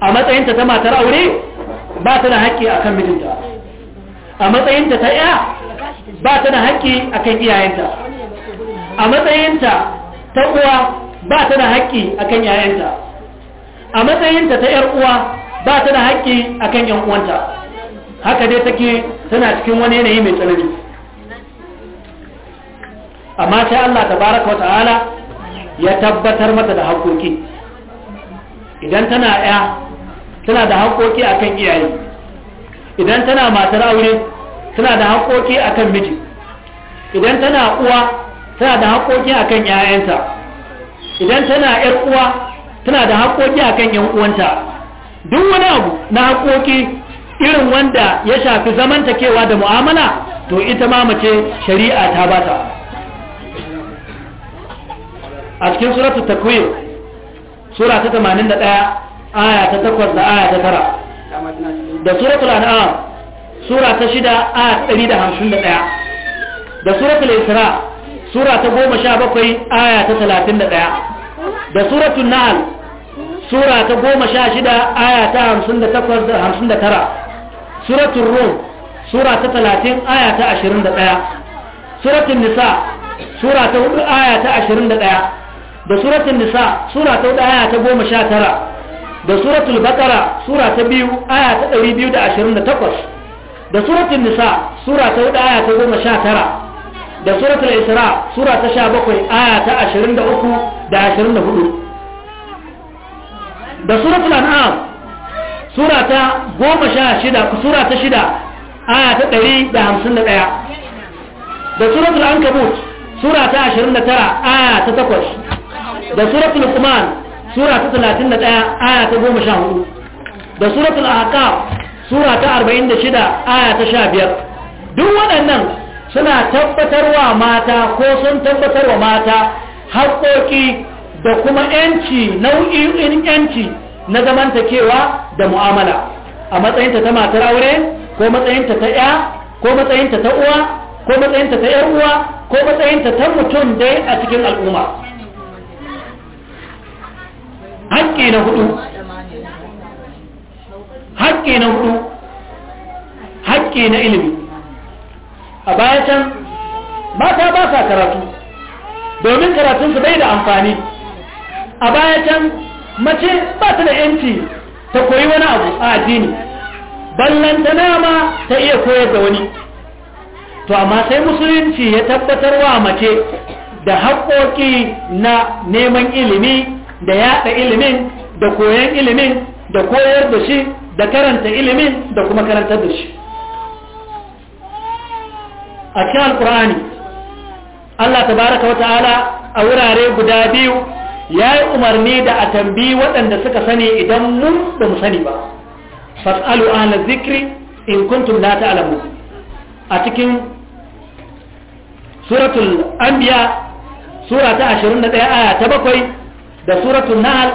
a matsayinta ta matar aure ba ta da haƙƙi a kan mijinta a matsayinta ta ya ba ta da haƙƙi a kan iyayenta a matsayinta ta uwa ba ta da haƙƙi a kan yayanta a matsayinta ta 'yar uwa ba ta da haƙƙi akan 'yan uwanta haka dai take tana cikin wani yanayi mai tsanani amma sai Allah Ta baraka tabaraka ta'ala ya tabbatar mata da haƙoƙi idan tana ya tana da haƙoƙi akan iyaye idan tana matar aure tana da haƙoƙi akan miji idan tana uwa tana da haƙoƙi akan 'ya'yanta idan tana 'yar uwa tana da haƙoƙi akan yan uwanta duk wani abu na haƙoƙi irin wanda ya shafi zamantakewa da mu'amala to ita ma mace shari'a ta ba ta a cikin suratul takwir sura ta 81 aya ta 8 da aya ta 9 da suratul an'am sura ta 6 aya 151 da suratul isra sura ta 17 aya ta 31 da suratul nahl sura ta goma sha shida aya ta hamsin da takwas da hamsin da tara suratun rum sura ta talatin aya ta ashirin da ɗaya suratun nisa sura ta hudu aya ta ashirin da ɗaya da suratun nisa sura ta hudu aya ta goma sha tara da suratul bakara sura ta biyu aya ta ɗari biyu da ashirin da takwas da suratun nisa sura ta hudu aya ta goma sha tara da suratul isra sura ta sha bakwai aya ta ashirin da uku da ashirin da hudu da suratul an'am goma sha shida sura ta 6 aya ta 151 da suratul ankabut sura ta 29 aya ta takwas. da suratul luqman sura ta 31 aya ta hudu. da suratul ahqaf arba'in da shida aya ta biyar. duk waɗannan suna tabbatarwa mata ko sun tabbatarwa mata haƙoƙi da kuma yanci nau'in yanci na zamantakewa da mu'amala a matsayinta ta matar aure ko matsayinta ta ya ko matsayinta ta uwa ko matsayinta ta yar uwa ko matsayinta ta mutum dai a cikin al'umma haƙƙi na hudu haƙƙi na hudu haƙƙi na ilimi a baya can mata ba sa karatu domin karatunsu bai da amfani a baya can mace ba ta da yanci ta koyi wani abu a addini ballanta nama ta iya koyar da wani to amma sai musulunci ya tabbatar wa mace da haƙoƙi na neman ilimi da yaɗa ilimin da koyan ilimin da koyar da shi da karanta ilimin da kuma karantar da shi a cikin Alƙur'ani, allah tabaraka wata'ala a wurare guda biyu ya yi umarni da a tambi waɗanda suka sani idan mun da mu sani ba fas'alu ahla zikri in kuntum la ta'lamu a cikin suratul anbiya sura ta 21 aya ta 7 da suratul nahl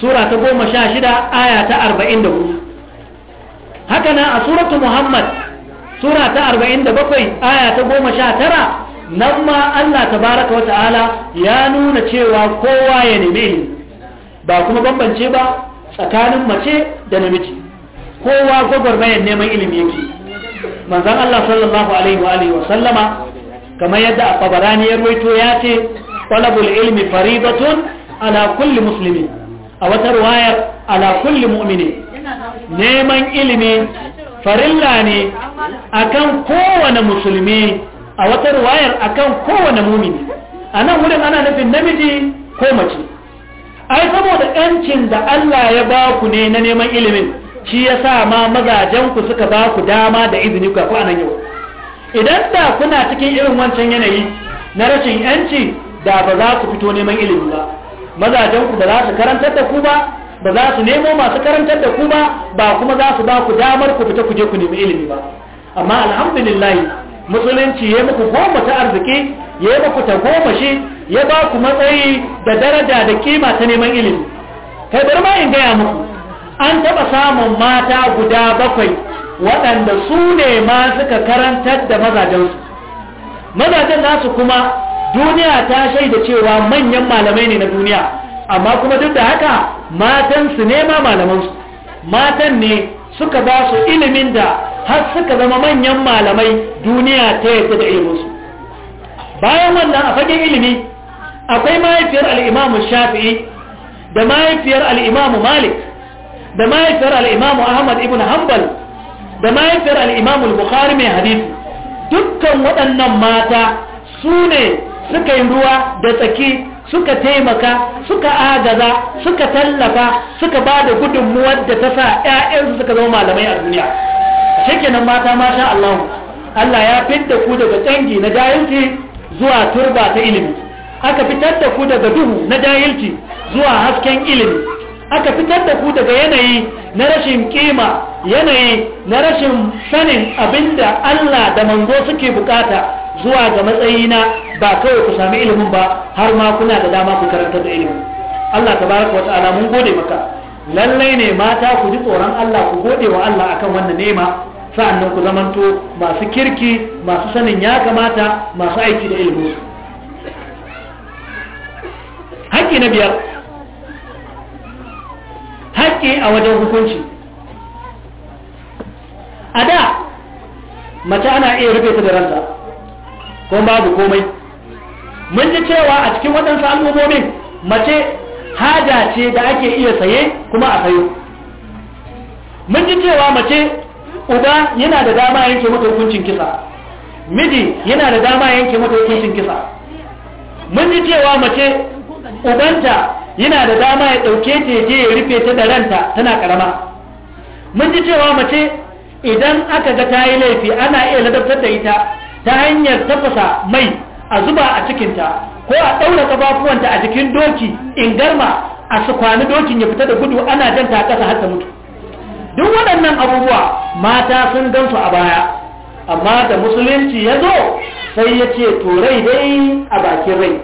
sura ta 16 aya ta 44 haka nan a suratul muhammad sura ta 47 aya ta 19 nan ma Allah tabaraka wa ta'ala ya nuna cewa kowa ya neme ni ba kuma bambance ba tsakanin mace da namiji kowa gwagwarmayar neman ilimi yake manzan Allah sallallahu alaihi wa alihi wa sallama kamar yadda a tabarani ya ruwaito ya ce ƙwalabul ilimi faridatun ala kulli musulmi, a wata ruwayar ala kulli mu'mini neman ilimi farilla ne akan kowane musulmi a wata ruwayar akan kowane mumini a nan wurin ana nufin namiji ko mace ai saboda yancin da Allah ya ba ku ne na neman ilimin shi ya sa ma mazajenku suka ba ku dama da izini ku a nan yau idan da kuna cikin irin wancan yanayi na rashin yanci da ba za ku fito neman ilimi ba mazajen ku ba za su karantar da ku ba ba za su nemo masu karantar da ku ba ba kuma za su ba ku damar ku fita ku je ku nemi ilimi ba amma alhamdulillah musulunci ya muku goma ta arziki ya muku ta goma shi ya ba ku matsayi da daraja da kima ta neman ilimi kai bari ma in gaya muku an taɓa samun mata guda bakwai waɗanda su ne ma suka karantar da mazajensu mazajen nasu kuma duniya ta shaida cewa manyan malamai ne na duniya amma kuma duk da haka matansu ne ma malamansu matan ne suka ba su ilimin da har suka zama manyan malamai duniya ta yadda da iliminsu bayan wannan a fagen ilimi akwai mahaifiyar al'imamu shafi'i da mahaifiyar al'imamu malik da mahaifiyar al'imamu ahmad ibn hanbal da mahaifiyar al'imamu bukhari mai hadisi dukkan waɗannan mata su ne suka yi ruwa da tsaki suka taimaka suka agaza suka tallafa suka ba da gudunmuwar da ta sa 'ya'yansu suka zama malamai a duniya shekenan mata masha Allah Allah ya fidda ku daga tsangi na jahilci zuwa turba ta ilimi aka fitar da ku daga duhu na jahilci zuwa hasken ilimi aka fitar da ku daga yanayi na rashin kima yanayi na rashin sanin abinda Allah da mango suke bukata zuwa ga matsayina ba kawai ku sami ilimin ba har ma kuna da dama ku karanta da ilimin Allah tabaraka wa ta'ala mun gode maka lallai ne mata ku ji tsoron Allah ku gode wa Allah akan wannan nema sa'annan ku zamanto masu kirki masu sanin ya kamata masu aiki da ilimin haƙƙi na biyar haƙƙi a wajen hukunci a da mace ana iya rufe ta da ranta ko babu komai mun ji cewa a cikin waɗansu al'ummomin mace haja ce da ake iya saye kuma a sayo mun ji cewa mace uba yana da dama yanke mata hukuncin kisa miji yana da dama yanke mata hukuncin kisa mun ji cewa mace ubanta yana da dama ya ɗauke ta je ya rufe ta da ranta tana karama mun ji cewa mace idan aka ga ta yi laifi ana iya ladabtar da ita ta hanyar tafasa mai a zuba a cikinta ko a ɗaura ƙafafuwanta a jikin doki in garma a sukwani dokin ya fita da gudu ana janta a ƙasa har ta mutu duk waɗannan abubuwa mata sun gansu a baya amma da musulunci ya zo sai ya ce rai dai a bakin rai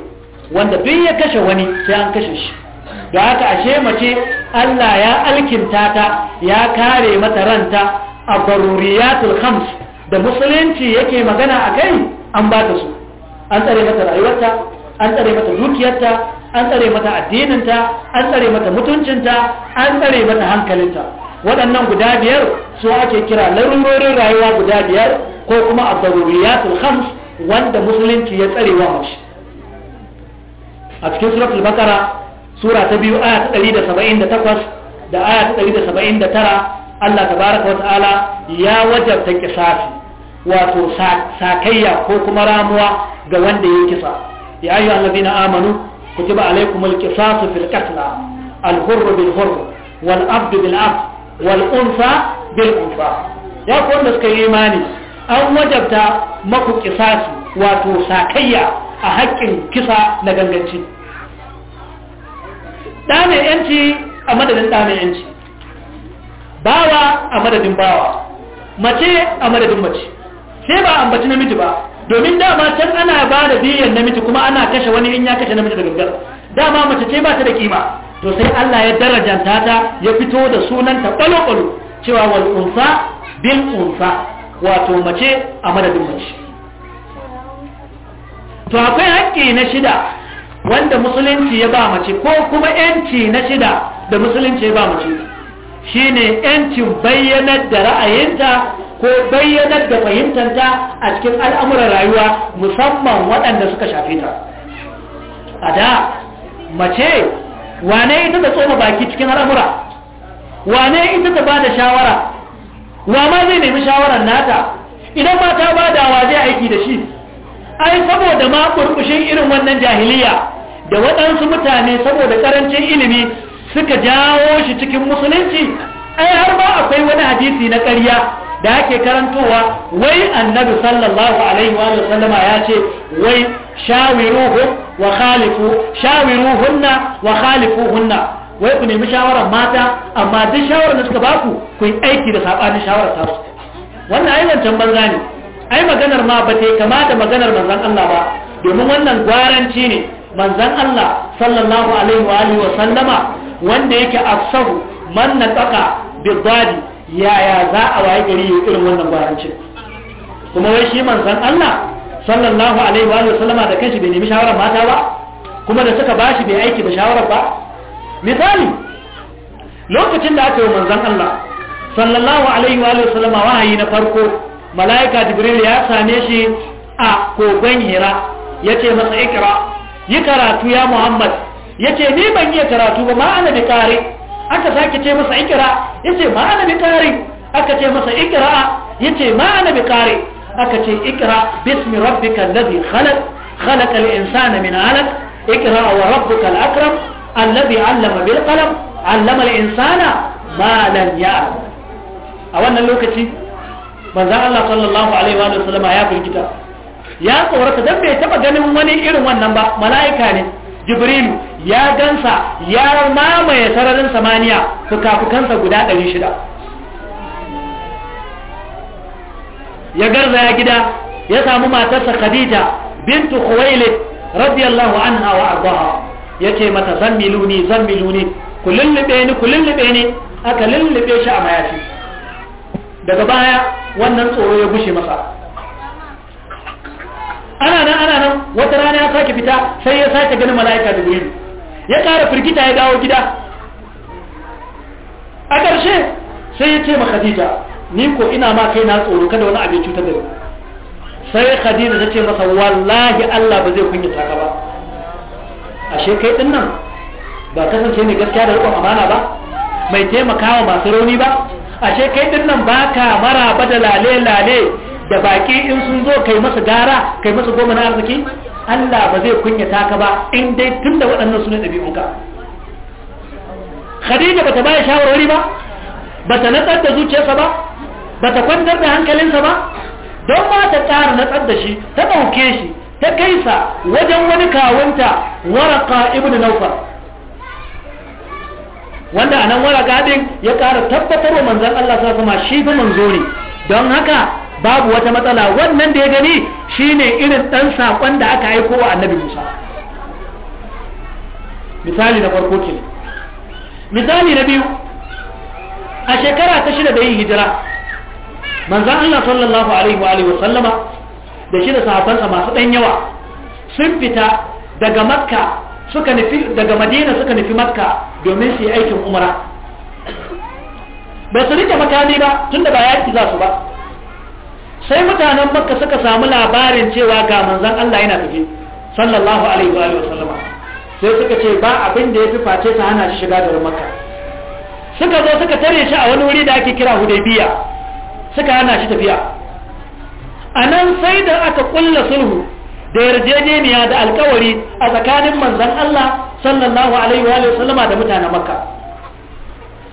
wanda duk ya kashe wani sai an kashe shi da haka ashe mace Allah ya alkinta ta ya kare mata ranta a baruriyatul khams da musulunci yake magana a kai an ba ta su an tsare mata rayuwarta an tsare mata dukiyarta an tsare mata addininta an tsare mata mutuncinta an tsare mata hankalinta waɗannan guda biyar su ake kira larurorin rayuwa guda biyar ko kuma abdaruriyatul khams wanda musulunci ya tsare wa mace a cikin suratul bakara sura ta biyu aya ta 178 da aya ta 179 Allah tabaraka wata'ala ya wajabta kisasi wato sakayya ko kuma ramuwa ga wanda ya kisa ya ayyu allazina amanu kutiba alaykumul qisasu fil qatl al hurr bil hurr wal abd bil abd wal unsa bil unsa ya ku wanda suka yi imani an wajabta maku kisasi wato sakayya a haƙƙin kisa na ganganci Da mai yanci a madadin da mai yanci bawa a madadin bawa mace a madadin mace sai ba ambaci namiji ba domin dama can ana ba da biyan namiji kuma ana kashe wani in ya kashe namiji da gangar dama mace ce ba ta da kima to sai Allah ya darajanta ta ya fito da sunanta kwalo-kwalo cewa wal unsa bin unsa wato mace a madadin mace to akwai haƙƙi na shida wanda musulunci ya ba mace ko kuma yanci na shida da musulunci ya ba mace shine yancin bayyanar da ra'ayinta ko bayyanar da fahimtanta a cikin al'amuran rayuwa musamman waɗanda suka shafi ta a da mace wane ita da tsoma baki cikin al'amura wane ita da ba da shawara wa ma zai nemi shawarar nata idan ma ta ba da waje aiki da shi ai saboda ma irin wannan jahiliya da waɗansu mutane saboda ƙarancin ilimi suka jawo shi cikin musulunci ai har ba akwai wani hadisi na ƙarya da ake karantowa wai annabi sallallahu alaihi wa sallama ya ce wai shawiruhu wa khalifu shawiruhunna wa khalifuhunna wai ku nemi shawarar mata amma duk shawarar da suka baku ku yi aiki da sabanin shawarar ta su wannan ai wancan banza ne ai maganar ma ba ta kamata maganar manzon Allah ba domin wannan gwaranci ne manzon Allah sallallahu alaihi wa sallama wanda yake afsahu man na tsaka bidadi yaya za a waye gari ya irin wannan barancin kuma wai shi manzon Allah sallallahu alaihi wa sallama da kanshi bai nemi shawarar mata ba kuma da suka bashi bai aiki ba shawarar ba misali lokacin da aka yi manzon Allah sallallahu alaihi wa sallama wahayi na farko mala'ika jibril ya same shi a kogon hira ya ce masa ikra yi karatu ya muhammad yace ni ban iya karatu ba ma ana bi kare aka sake ce masa ikra yace ma ana bi kare aka ce masa ikra yace ma ana bi kare aka ce ikra bismi rabbika alladhi khalaq خلق الإنسان من علق اقرأ وربك الأكرم الذي علم بالقلم علم الإنسان ما لم يعلم أولا لوكتي manzan Allah sallallahu alaihi wa sallama ya firgita ya tsorata don bai taba ganin wani irin wannan ba mala'ika ne jibrilu ya gansa ya mamaye sararin samaniya fuka-fukansa guda 600 ya garza ya gida ya samu matarsa khadija bintu khuwailid radiyallahu anha wa ya ce mata zammiluni zammiluni ku lullube ni ku lullube ni aka lullube shi a mayafi daga baya wannan tsoro ya gushe masa ana nan ana nan wata rana ya sake fita sai ya sake ganin mala'ika da guri ya ƙara firgita ya dawo gida a ƙarshe sai ya ce ma khadija ni ko ina ma kai na tsoro kada wani abin cutar da ni sai khadija ta ce masa wallahi Allah ba zai kunyata ka ba ashe kai din nan ba kasance ne gaskiya da rikon amana ba mai taimakawa masu rauni ba ashe kai din nan baka maraba da lale lale da baki in sun zo kai masa gara kai masa goma na arziki Allah ba zai kunyata ka ba in dai tun da waɗannan sunan ɗabi'unka Khadija bata baya shawarwari ba bata natsar da zuciyarsa ba bata kwantar da hankalinsa ba don ma ta ƙara natsar da shi ta ɗauke shi ta kaisa wajen wani kawunta waraka ibn naufar wanda anan waraka din ya ƙara tabbatar wa manzon Allah sallallahu alaihi shi fi manzo ne don haka babu wata matsala wannan da ya gani shine irin dan sakon da aka aiko wa annabi Musa misali na farko kenan misali na biyu a shekara ta shida da yin hijira manzan Allah sallallahu alaihi wa alihi wasallama da shida da sahabbansa masu dan yawa sun fita daga makka suka nufi daga madina suka nufi makka domin su yi aikin umara ba su rike makami ba tun da ba yaki za su ba sai mutanen makka suka samu labarin cewa ga manzan Allah yana tafi sallallahu alaihi wa sallama sai suka ce ba abin da ya fi face ta hana shi shiga garin makka suka zo suka tare shi a wani wuri da ake kira hudaybiya suka hana shi tafiya a nan sai da aka kulla sulhu da yarjejeniya da alkawari a tsakanin manzan Allah sallallahu alaihi wa sallama da mutanen makka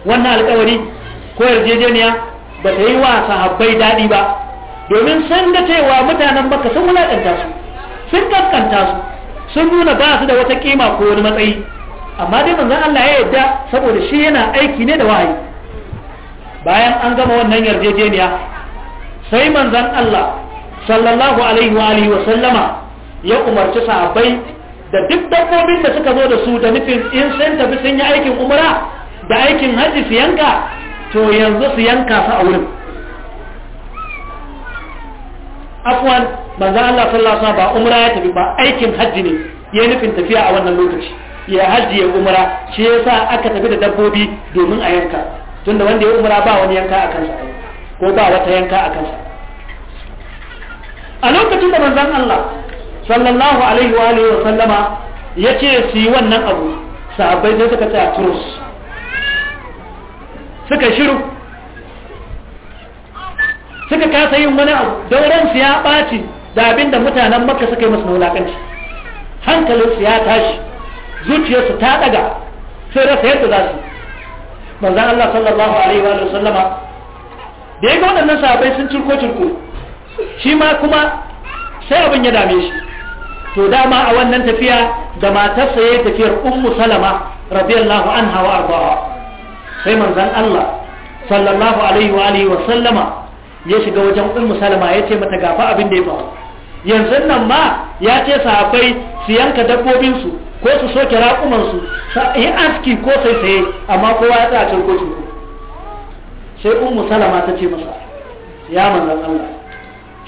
wannan alkawari ko yarjejeniya ba ta yi wa sahabbai daɗi ba domin sun da cewa mutanen baka sun wulaƙanta su sun kaskanta su sun nuna ba su da wata kima ko wani matsayi amma dai manzon Allah ya yarda saboda shi yana aiki ne da wahayi bayan an gama wannan yarjejeniya sai manzon Allah sallallahu alaihi wa alihi wa sallama ya umarci sahabbai da duk dabbobin da suka zo da su da nufin in sun tafi sun yi aikin umra da aikin hajji su yanka to yanzu su yanka su a wurin afwan manzo Allah sallallahu alaihi wasallam ba umra ya tafi ba aikin hajji ne ya nufin tafiya a wannan lokaci ya hajji ya umra shi yasa aka tafi da dabbobi domin a yanka tunda wanda ya umra ba wani yanka a kansa ko ba wata yanka a kansa a lokacin da manzon Allah sallallahu alaihi wa alihi yace su yi wannan abu sahabbai sai suka tsaya turus suka shiru suka kasa yin wani abu don su ya ɓaci da abin da mutanen maka suka yi masu wulaƙanci su ya tashi zuciyarsu ta ɗaga sai rasa yadda za su manzan Allah sallallahu alaihi wa sallama da ya ga waɗannan sahabai sun cirko cirko shi ma kuma sai abin ya dame shi to dama a wannan tafiya da matarsa ya tafiyar ummu salama radiyallahu anha wa arba'a sai manzan Allah sallallahu alaihi wa alihi wa sallama ya shiga wajen ummu salama ya ce mata gafa abin da ya faru yanzu nan ma ya ce sahabbai su yanka dabbobin su ko su soke raƙuman su yi aski ko sai saye amma kowa ya tsaya cirko cirko sai ummu salama ta ce masa ya manzan Allah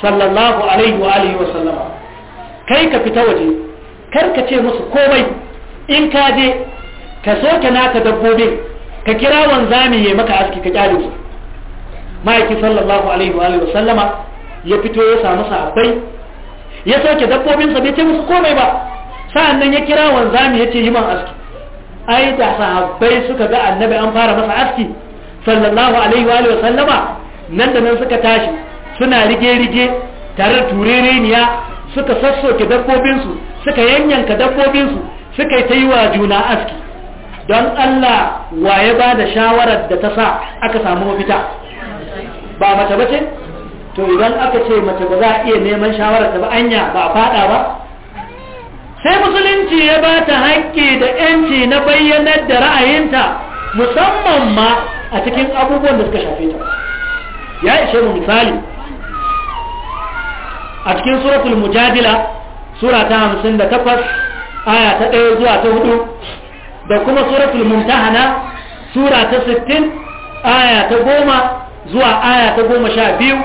sallallahu alaihi wa alihi wa sallama kai ka fita waje kar ka ce musu komai in ka je ka soke naka dabbobin ka kira wanzami ya maka aski ka kyale su ma'aiki sallallahu alaihi wa sallama ya fito ya samu sahabbai ya sauke dabbobinsa bai ce musu komai ba sa'an nan ya kira wanzami ya ce yi man aski ai da sahabbai suka ga annabi an fara masa aski sallallahu alaihi wa sallama nan da nan suka tashi suna rige-rige tare da turereniya suka sassoke dabbobinsu suka yanyanka dabbobinsu suka ta yi wa juna aski don allah waye ba da shawarar da ta sa aka samu mafita ba mace bace to idan aka ce mace ba za a iya neman shawarar ta ba anya ba a fada ba sai musulunci ya ba ta haƙƙi da yanci na bayyanar da ra'ayinta musamman ma a cikin abubuwan da suka shafe ta ya ishe mu misali a cikin suratul mujadila sura ta hamsin da takwas aya ta ɗaya zuwa ta hudu da kuma suratul mumtahana sura ta sittin aya ta goma zuwa aya ta goma sha biyu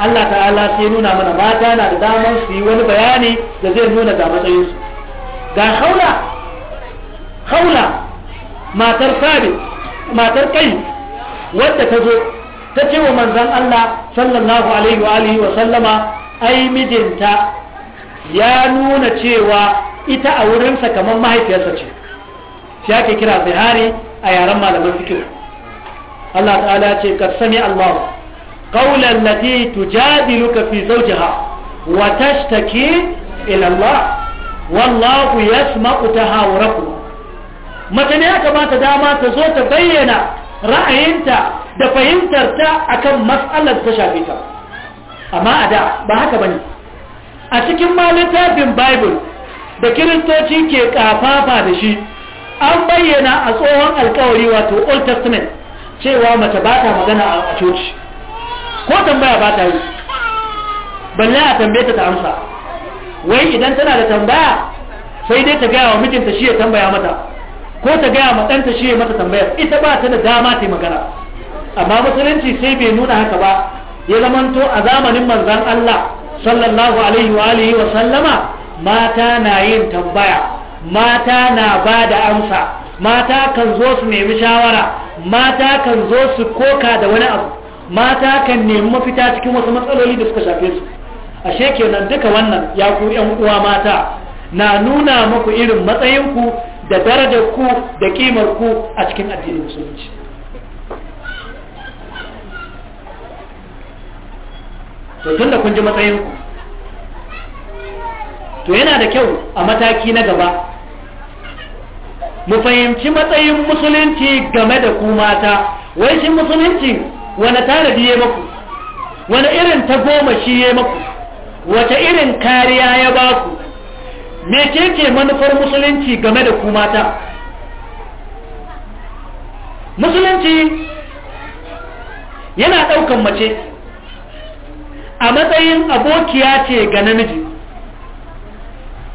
Allah ta'ala sai nuna mana mata na da damar su yi wani bayani da zai nuna ga matsayinsu ga haula haula matar sabi matar kai wadda ta zo ta ce wa manzan Allah sallallahu alaihi wa alihi wa sallama ai mijinta ya nuna cewa ita a wurinsa kamar mahaifiyarsa ce shi ake kira zihari a yaren malaman fikir Allah ta'ala ce ka sami Allah qawlan lati tujadiluka fi zawjiha wa tashtaki ila Allah wallahu yasma'u tahawurakum mace ne ya kamata dama ta zo ta bayyana ra'ayinta da fahimtarta akan mas'alar ta shafe ta amma a da ba haka bane a cikin ma littafin bible da kiristoci ke kafafa da shi an bayyana a tsohon alkawari wato old testament cewa mace ba ta magana a coci ko tambaya ba ta yi balle a tambaye ta ta amsa wai idan tana da tambaya sai dai ta gaya wa mijinta shi ya tambaya mata ko ta gaya wa ɗanta shi ya mata tambayar ita ba ta da dama ta magana amma musulunci sai bai nuna haka ba ya zamanto a zamanin manzan Allah sallallahu alaihi wa alihi wa sallama mata na yin tambaya mata na ba da amsa mata kan zo su nemi shawara mata kan zo su koka da wani abu mata kan nemi mafita cikin wasu matsaloli da suka shafe su ashe kenan duka wannan ya ku yan uwa mata na nuna muku irin matsayinku da darajar ku da kimar ku a cikin addinin musulunci to da kun ji matsayinku to yana da kyau a mataki na gaba mu fahimci matsayin musulunci game da ku mata wai shi musulunci wani tanadi ya maku wani irin ta goma shi ya maku wata irin kariya ya ba ku Me ce manufar musulunci game da ku mata musulunci yana ɗaukan mace a matsayin abokiya ce ga namiji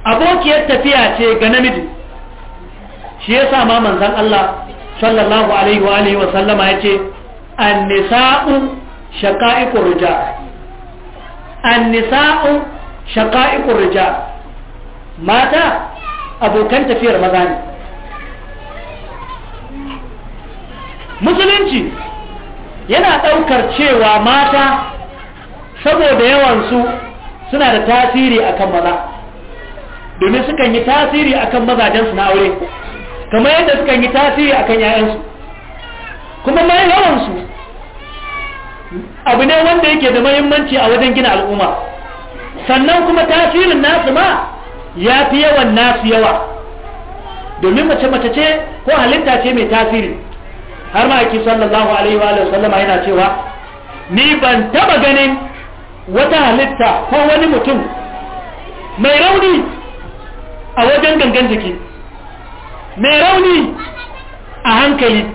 abokiyar tafiya ce ga namiji shi yasa ma manzon Allah sallallahu alaihi wa alihi wa sallama yace an-nisa'u shaqa'iqur rijal an-nisa'u shaqa'iqur rijal mata abokan tafiyar maza ne musulunci yana daukar cewa mata saboda yawansu suna da tasiri akan maza domin sukan yi tasiri akan su na aure kamar yadda suka yi tasiri a kan yayansu kuma ma yawansu abu ne wanda yake da mahimmanci a wajen gina al'umma sannan kuma tasirin nasu ma ya fi yawan nasu yawa domin mace mace ce ko halitta ce mai tasiri har ma'aiki sallallahu alaihi wa sallama yana cewa ni ban taba ganin wata halitta ko wani mutum mai rauni a wajen gangan jiki mai rauni a hankali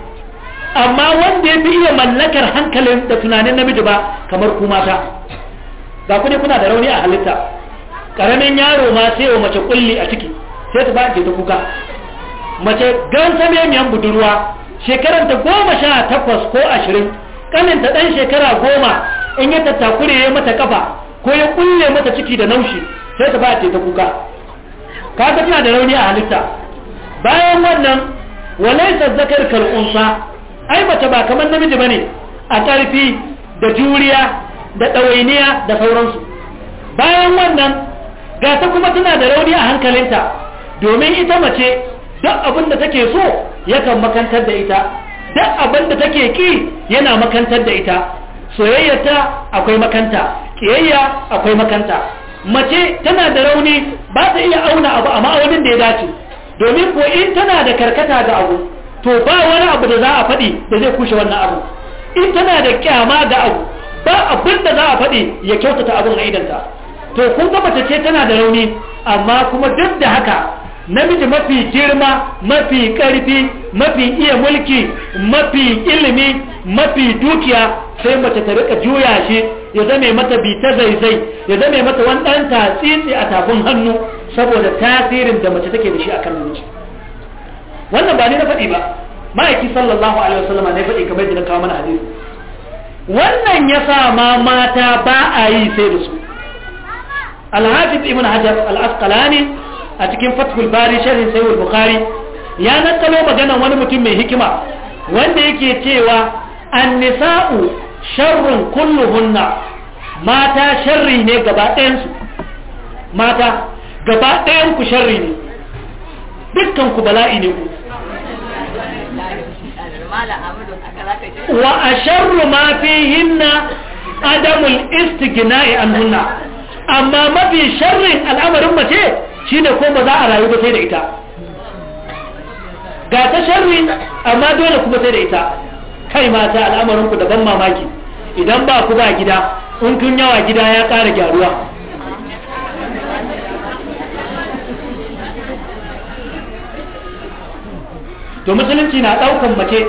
amma wanda ya fi iya mallakar hankalin da tunanin namiji ba kamar ku mata ga ku ne kuna da rauni a halitta karamin yaro ma sai wa mace kulli a ciki sai ta ba ta kuka mace gansa miyan budurwa ta goma sha takwas ko ashirin ta ɗan shekara goma in ya tattakure ya mata kafa ko ya kulle mata ciki da naushi sai ta ba ta kuka ka tana da rauni a halitta bayan wannan walaisa zakar kal'unsa ai mace ba kamar namiji ba ne a ƙarfi da juriya da ɗawainiya da sauransu bayan wannan ga ta kuma tana da rauni a hankalinta domin ita mace duk abin da take so yakan makantar da ita duk abin da take ki yana makantar da ita soyayyarta akwai makanta Ƙiyayya, akwai makanta mace tana da rauni ba ta iya auna abu a ma'aunin da ya dace domin ko in tana da karkata ga abu to ba wani abu da za a faɗi da zai kushe wannan abu in tana da kyama ga abu ba abin da za a faɗi ya kyautata abin a idanta to kun ga mace ce tana da rauni amma kuma duk da haka namiji mafi girma mafi ƙarfi mafi iya mulki mafi ilimi mafi dukiya sai mace ta rika juya shi ya zame mata bita zaizai ya zame mata wani ɗan tatsi a tafin hannu saboda tasirin da mace take da shi akan namiji wannan ba ni na faɗi ba ma'aiki sallallahu alaihi wasallama ne faɗi kamar da na kawo mana hadisi wannan ya sa ma mata ba a yi sai da su alhafiz ibn hajar al-asqalani a cikin fathul bari sharhin sayyid bukhari ya nakalo magana wani mutum mai hikima wanda yake cewa annisa'u sharrun kulluhunna mata sharri ne gaba ɗayansu mata gaba ɗayan ku sharri ne dukkan ku bala'i ne ku wa asharru ma fihinna adamul istighna'i hunna amma mafi sharrin al'amarin mace shine ko ba za a rayu ba sai da ita ga ta sharri amma dole kuma sai da ita kai mata al'amarin ku daban mamaki idan ba ku ba gida in kun yawa gida ya ƙara gyaruwa to musulunci na ɗaukan mace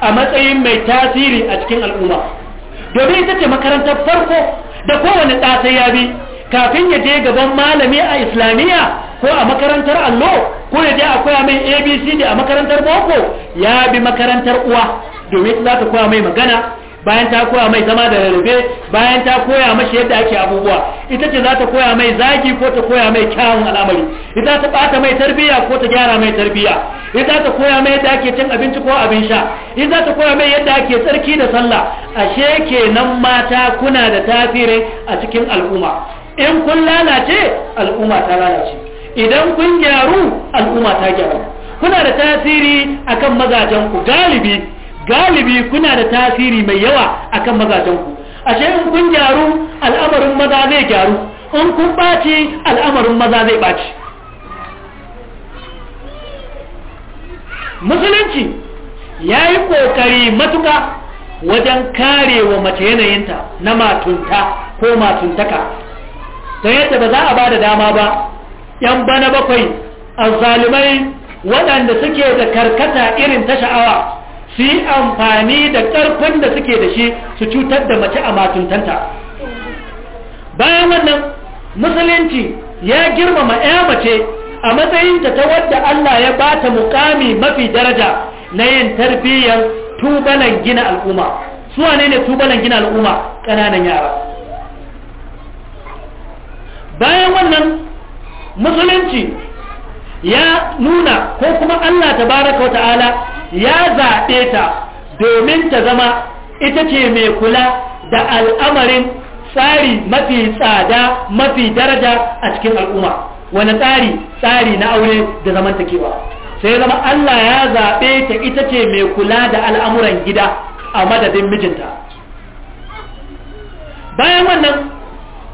a matsayin mai tasiri a cikin al'umma domin ita ce makarantar farko da kowane ɗasa ya bi kafin ya je gaban malami a islamiyya ko a makarantar allo ko ya je a koya mai abcd a makarantar boko ya bi makarantar uwa domin za ta koya mai magana bayan ta koya mai zama da rarrabe bayan ta koya mashi yadda ake abubuwa ita ce za ta koya mai zagi ko ta koya mai kyawun al'amari ita ta bata mai tarbiyya ko ta gyara mai tarbiyya ita ta koya mai yadda ake cin abinci ko abin sha ita ta koya mai yadda ake tsarki da sallah ashe kenan mata kuna da tafire a cikin al'umma in kun lalace al'umma ta lalace idan kun gyaru al'umma ta gyaru kuna da tasiri akan mazajen ku galibi galibi kuna da tasiri mai yawa akan mazajenku ashe in kun gyaru al'amarin maza zai gyaru in kun ɓaci al'amarin maza zai ɓaci musulunci ya yi ƙoƙari matuka wajen kare wa mace yanayinta na matunta ko matuntaka ta yadda ba za a ba da dama ba 'yan bana bakwai azzalimai waɗanda suke da karkata irin ta sha'awa su yi amfani da ƙarfin da suke da shi su cutar da mace a matuntanta bayan wannan musulunci ya girmama 'ya mace a matsayinta ta wadda Allah ya ba ta mukami mafi daraja na yin tarbiyyar tubalan gina al'umma su wane ne tubalan gina al'umma ƙananan yara bayan wannan musulunci ya nuna ko kuma Allah ta baraka wata'ala ya zaɓe ta domin ta zama ita ce mai kula da al'amarin tsari mafi tsada mafi daraja a cikin al'umma wani tsari tsari na aure da zamantakewa sai zama Allah ya zaɓe ta ita ce mai kula da al'amuran gida a madadin mijinta bayan wannan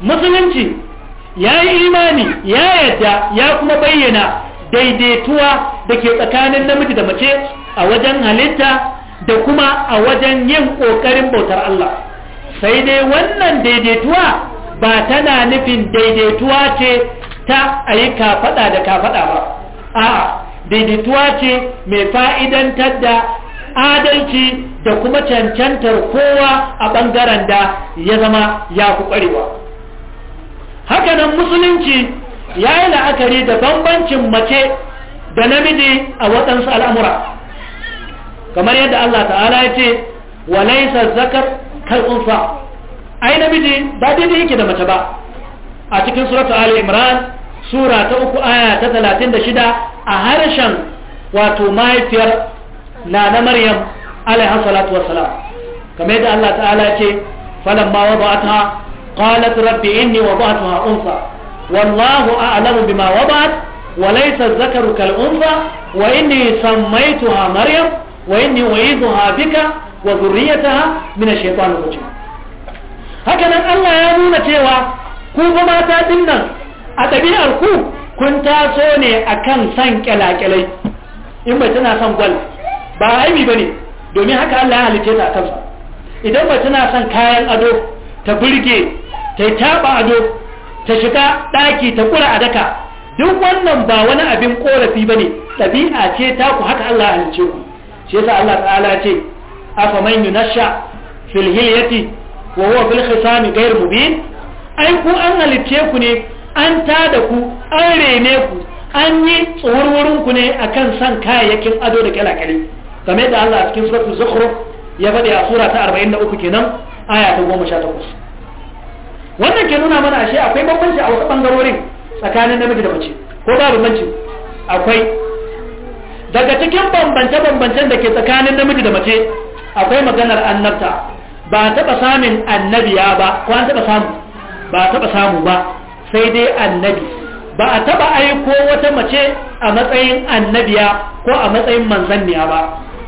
musulunci ya yi imani ya yadda ya kuma bayyana daidaituwa da ke tsakanin namiji da mace a wajen halitta da kuma a wajen yin ƙoƙarin bautar Allah sai dai wannan daidaituwa ba tana nufin daidaituwa ce ta ayi yi kafaɗa da kafaɗa ba a daidaituwa ce mai fa'idantar da adalci da kuma cancantar kowa a ɓangaren da ya zama ya fi ƙwarewa hakanan musulunci ya yi la'akari da bambancin mace da namiji a waɗansu al'amura kamar yadda Allah ta'ala ya ce wa laysa zakar kal unsa ai namiji ba daidai yake da mace ba a cikin suratul ali imran sura ta uku aya ta 36 a harshen wato mahaifiyar na na maryam alaiha salatu wassalam kamar yadda Allah ta'ala ya ce falamma wada'atha qalat rabbi inni wada'tuha unsa والله أعلم بما وضعت وليس الذكر كالأنثى وإني سميتها maryam? wa inni u'idhuha bika wa dhurriyyataha min ash-shaytanir rajim haka nan Allah ya nuna cewa ku ba mata din nan a ɗabi'ar ku kun taso ne akan san kyalakyalai in bai tana son gwal ba aibi bane domin haka Allah ya halice ta kansa idan bai tana son kayan ado ta burge ta taɓa ado ta shiga ɗaki ta ƙura a daka duk wannan ba wani abin korafi bane ɗabi'a ce ta ku haka Allah ya halice ku shi yasa Allah ta'ala ce afa man yunasha fil hilyati wa huwa fil khisami ghayr mubin ai ku an halitte ku ne an tada ku an rene ku an yi tsohurwurin ku ne akan san kayayyakin ado da kyalakali game da Allah a cikin suratul zukhruf ya faɗi a sura ta 43 kenan aya ta 18 wannan ke nuna mana ashe akwai bambanci a wasu bangarorin tsakanin namiji da mace ko babu bambanci akwai daga cikin bambance-bambancen da ke tsakanin namiji da mace akwai maganar annabta ba taɓa samun annabiya ba ko an taɓa samu ba taɓa samu ba sai dai annabi ba a taɓa aiko wata mace a matsayin annabiya ko a matsayin manzanniya ba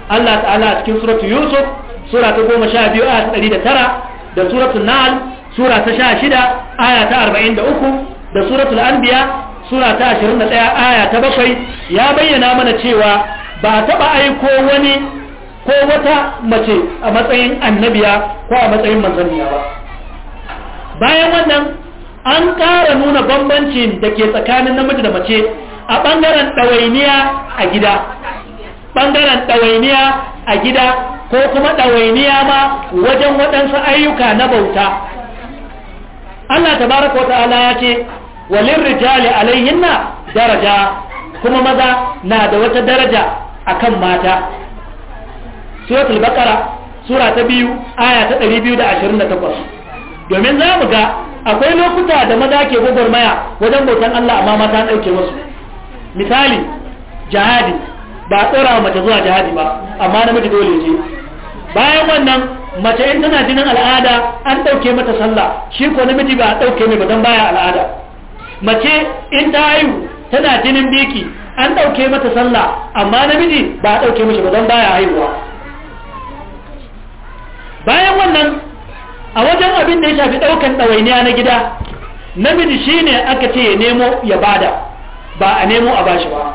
Allah ta'ala a cikin suratu Yusuf sura ta goma sha biyu a ɗari da tara da suratu na'al sura ta sha shida aya ta arba'in da uku da suratul anbiya sura ta ashirin ɗaya. aya ta bakwai ya bayyana mana cewa ba a taɓa aiko wani ko wata mace a matsayin annabiya ko a matsayin manzanniya ba bayan wannan an ƙara nuna bambancin da ke tsakanin namiji da mace a ɓangaren ɗawainiya a gida ɓangaren ɗawainiya a gida ko kuma ɗawainiya ma wajen waɗansu ayyuka na bauta Allah ta wa ta'ala ya ce walin rijali alayhinna daraja kuma maza na da wata daraja a kan mata suratul baqara sura ta biyu aya ta 228 domin za mu ga akwai lokuta da maza ke gwagwarmaya wajen bautan Allah amma mata an ɗauke wasu. misali jihadi ba a tsora mace zuwa jihadi ba amma namiji dole je bayan wannan mace in tana jinin al'ada an ɗauke mata sallah shi ko namiji ba a ɗauke ne ba don baya al'ada mace in ta haihu tana jinin biki an ɗauke mata sallah amma namiji ba a ɗauke mashi ba don baya haihuwa bayan wannan a wajen abin da ya shafi ɗaukan ɗawainiya na gida namiji shine aka ce ya nemo ya bada ba a nemo a bashi ba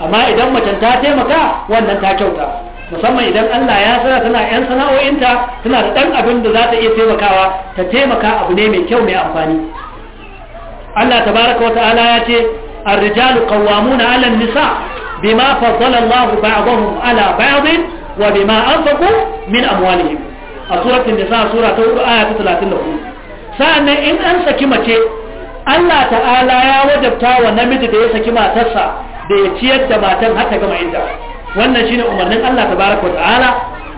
amma idan macen ta taimaka wannan ta kyauta musamman idan Allah ya sana tana yan sana'o'inta tana da ɗan abin da za ta iya taimakawa ta taimaka abu ne mai kyau mai amfani Allah tabaraka wa ta'ala ya ce ar-rijalu qawwamuna 'ala an-nisa bima faddala Allah ba'dahum 'ala wa bima anfaqu min amwalihim a nisa sura ta 4 aya ta 34 sa'annan in an saki mace Allah ta'ala ya wajabta wa namiji da ya saki matarsa da ya ciyar da matan har ta gama inda wannan shine umarnin Allah tabaraka wa ta'ala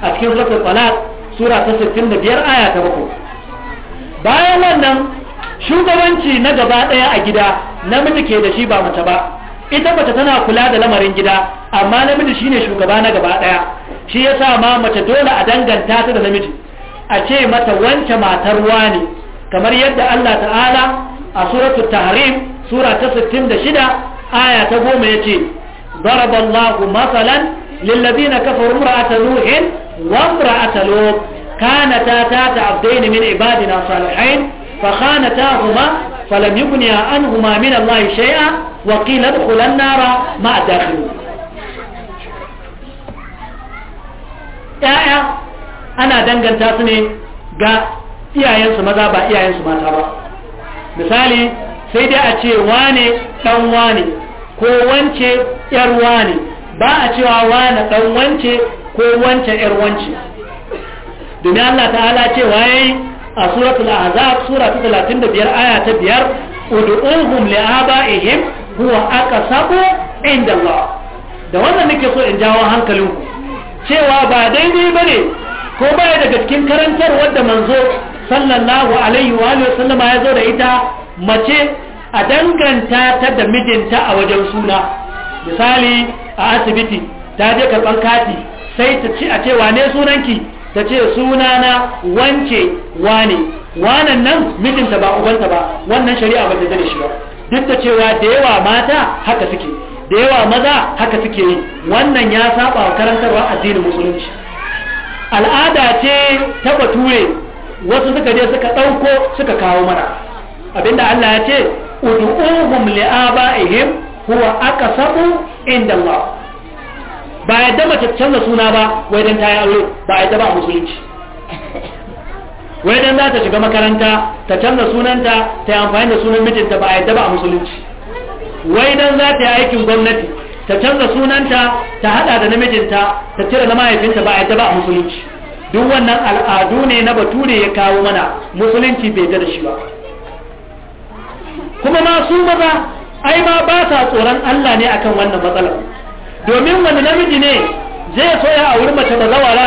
a cikin suratul talaq sura ta 65 aya ta 7 bayan wannan shugabanci na gaba ɗaya a gida namiji ke da shi ba mace ba ita mace tana kula da lamarin gida amma namiji shine shugaba na gaba ɗaya shi yasa ma mace dole a danganta ta da namiji a ce mata wance matar wani kamar yadda Allah ta'ala a suratu tahrim sura ta 66 aya ta goma yace daraballahu masalan lilladheena kafaru imra'ata nuhin wa imra'ata lut kanata ta ta'abdain min ibadina salihin fa khanatahuma falam yughni anhuma min Allah shay'a wa qila idkhulan nara ma ya'ya ana danganta su ne ga iyayensu maza ba iyayensu mata ba misali sai dai a ce wane dan wane ko wance yar wane ba a cewa wane ɗan wance ko wance yar wance domin Allah ta'ala ce waye a suratul ahzab sura ta biyar aya ta biyar ud'uhum li'aba'ihim huwa aqsabu inda Allah da wannan nake so in jawo hankalinku cewa ba daidai bane ko baya daga cikin karantar wanda manzo sallallahu alaihi wa alihi sallama ya zo da ita mace a danganta ta da mijinta a wajen suna misali a asibiti ta je ka kati sai ta ci a ce wane sunanki ta ce sunana wance wane wanan nan mijinta ba ubanta ba wannan shari'a ba ta da shi ba duk da cewa da yawa mata haka suke da yawa maza haka suke yi wannan ya saba wa karantarwa addinin musulunci al'ada ce ta bature wasu suka je suka ɗauko suka kawo mana abinda Allah ya ce udu'uhum li'aba'ihim huwa aqsabu inda Allah ba dama ta canza suna ba wai dan ta yi aure ba yadda ba musulunci wai dan za ta shiga makaranta ta canza sunanta ta yi amfani da sunan mijinta ba yadda ba musulunci wai dan za ta yi aikin gwamnati ta canza sunanta ta hada da namijinta ta cire na mahaifinta ba yadda ba musulunci duk wannan al'adu ne na batu ne ya kawo mana musulunci bai da shi ba kuma ma su maza ai ma ba sa tsoron Allah ne akan wannan matsalar domin wani namiji ne zai so ya auri mace zawara,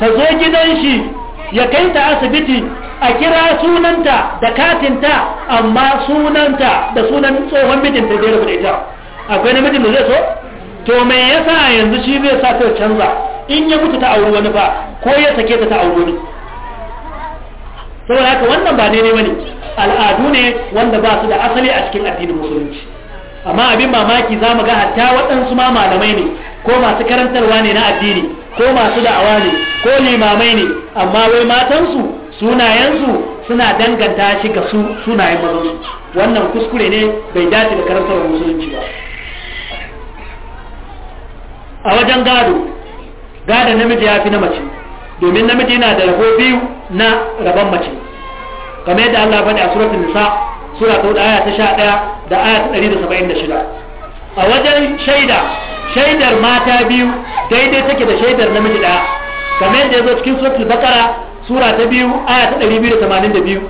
ta zo gidan shi ya kai ta asibiti a kira sunanta da katinta amma sunanta da sunan tsohon mijinta zai rubuta da ita akwai namijin da zai so to me yasa yanzu shi zai sa ta canza in ya mutu ta auri wani ba ko ya sake ta ta auri wani saboda haka wannan ba ne bane al'adu ne wanda ba su da asali a cikin addinin musulunci amma abin mamaki za mu ga hatta waɗansu ma malamai ne ko masu karantarwa ne na addini ko masu da'awa ne ko limamai ne amma wai matansu sunayensu suna danganta shi ga sunayen mazansu wannan kuskure ne bai dace da karantarwar musulunci ba a wajen gado gadon namiji ya fi na mace domin namiji yana da rabo biyu na rabon mace kamar yadda Allah faɗi a suratul nisa sura ta hudu aya ta sha ɗaya da aya ta ɗari da saba'in da shida a wajen shaida shaidar mata biyu daidai take da shaidar namiji ɗaya kamar yadda ya zo cikin suratul bakara sura ta biyu aya ta ɗari biyu da tamanin da biyu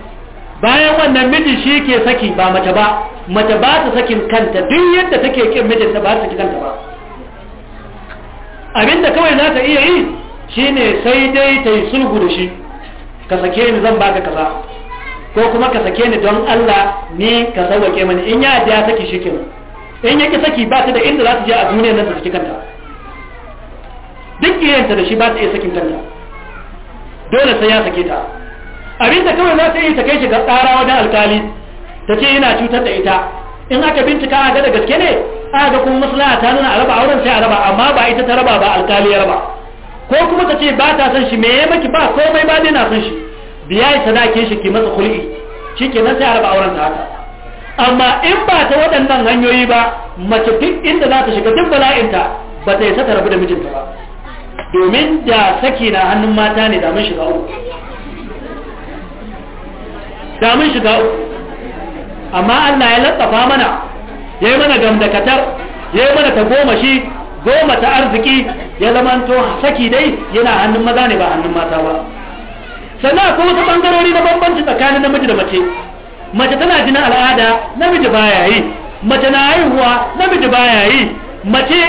bayan wannan miji shi ke saki ba mace ba mace ba ta sakin kanta duk yadda take kin mijinta ba ta saki kanta ba abinda kawai za ta iya yi shine sai dai ta yi sulhu da shi ka sake ni zan baka kaza ko kuma ka sake ni don Allah ni ka sauwake mani in ya yadda ya saki shikin in ki saki ba ta da inda za ta je a duniyar nan ta saki kanta duk iyayenta da shi ba ta iya sakin kanta dole sai ya sake ta abin da kawai za ta yi ta kai shi ga tsara wajen alkali ta ce yana cutar da ita in aka bincika a ga da gaske ne a ga kuma maslaha ta nuna a raba auren sai a raba amma ba ita ta raba ba alkali ya raba ko kuma ta ce ba ta san shi me ya maki ba komai ba dai na san shi biyayi sadakin shi ke masa kul'i shi ke nan sai auren ta haka amma in ba ta waɗannan hanyoyi ba mace duk inda za ta shiga duk bala'inta ba ta isa tarbu rabu da mijinta ba domin da saki na hannun mata ne mun shiga uku mun shiga uku amma Allah ya latsafa mana ya yi mana gamdakatar ya mana ta goma shi goma ta arziki ya zamanto saki dai yana hannun maza ne ba hannun mata ba sannan akwai wasu bangarori na bambanci tsakanin namiji da mace mace tana jinin al'ada namiji baya yi mace na haihuwa namiji baya yi mace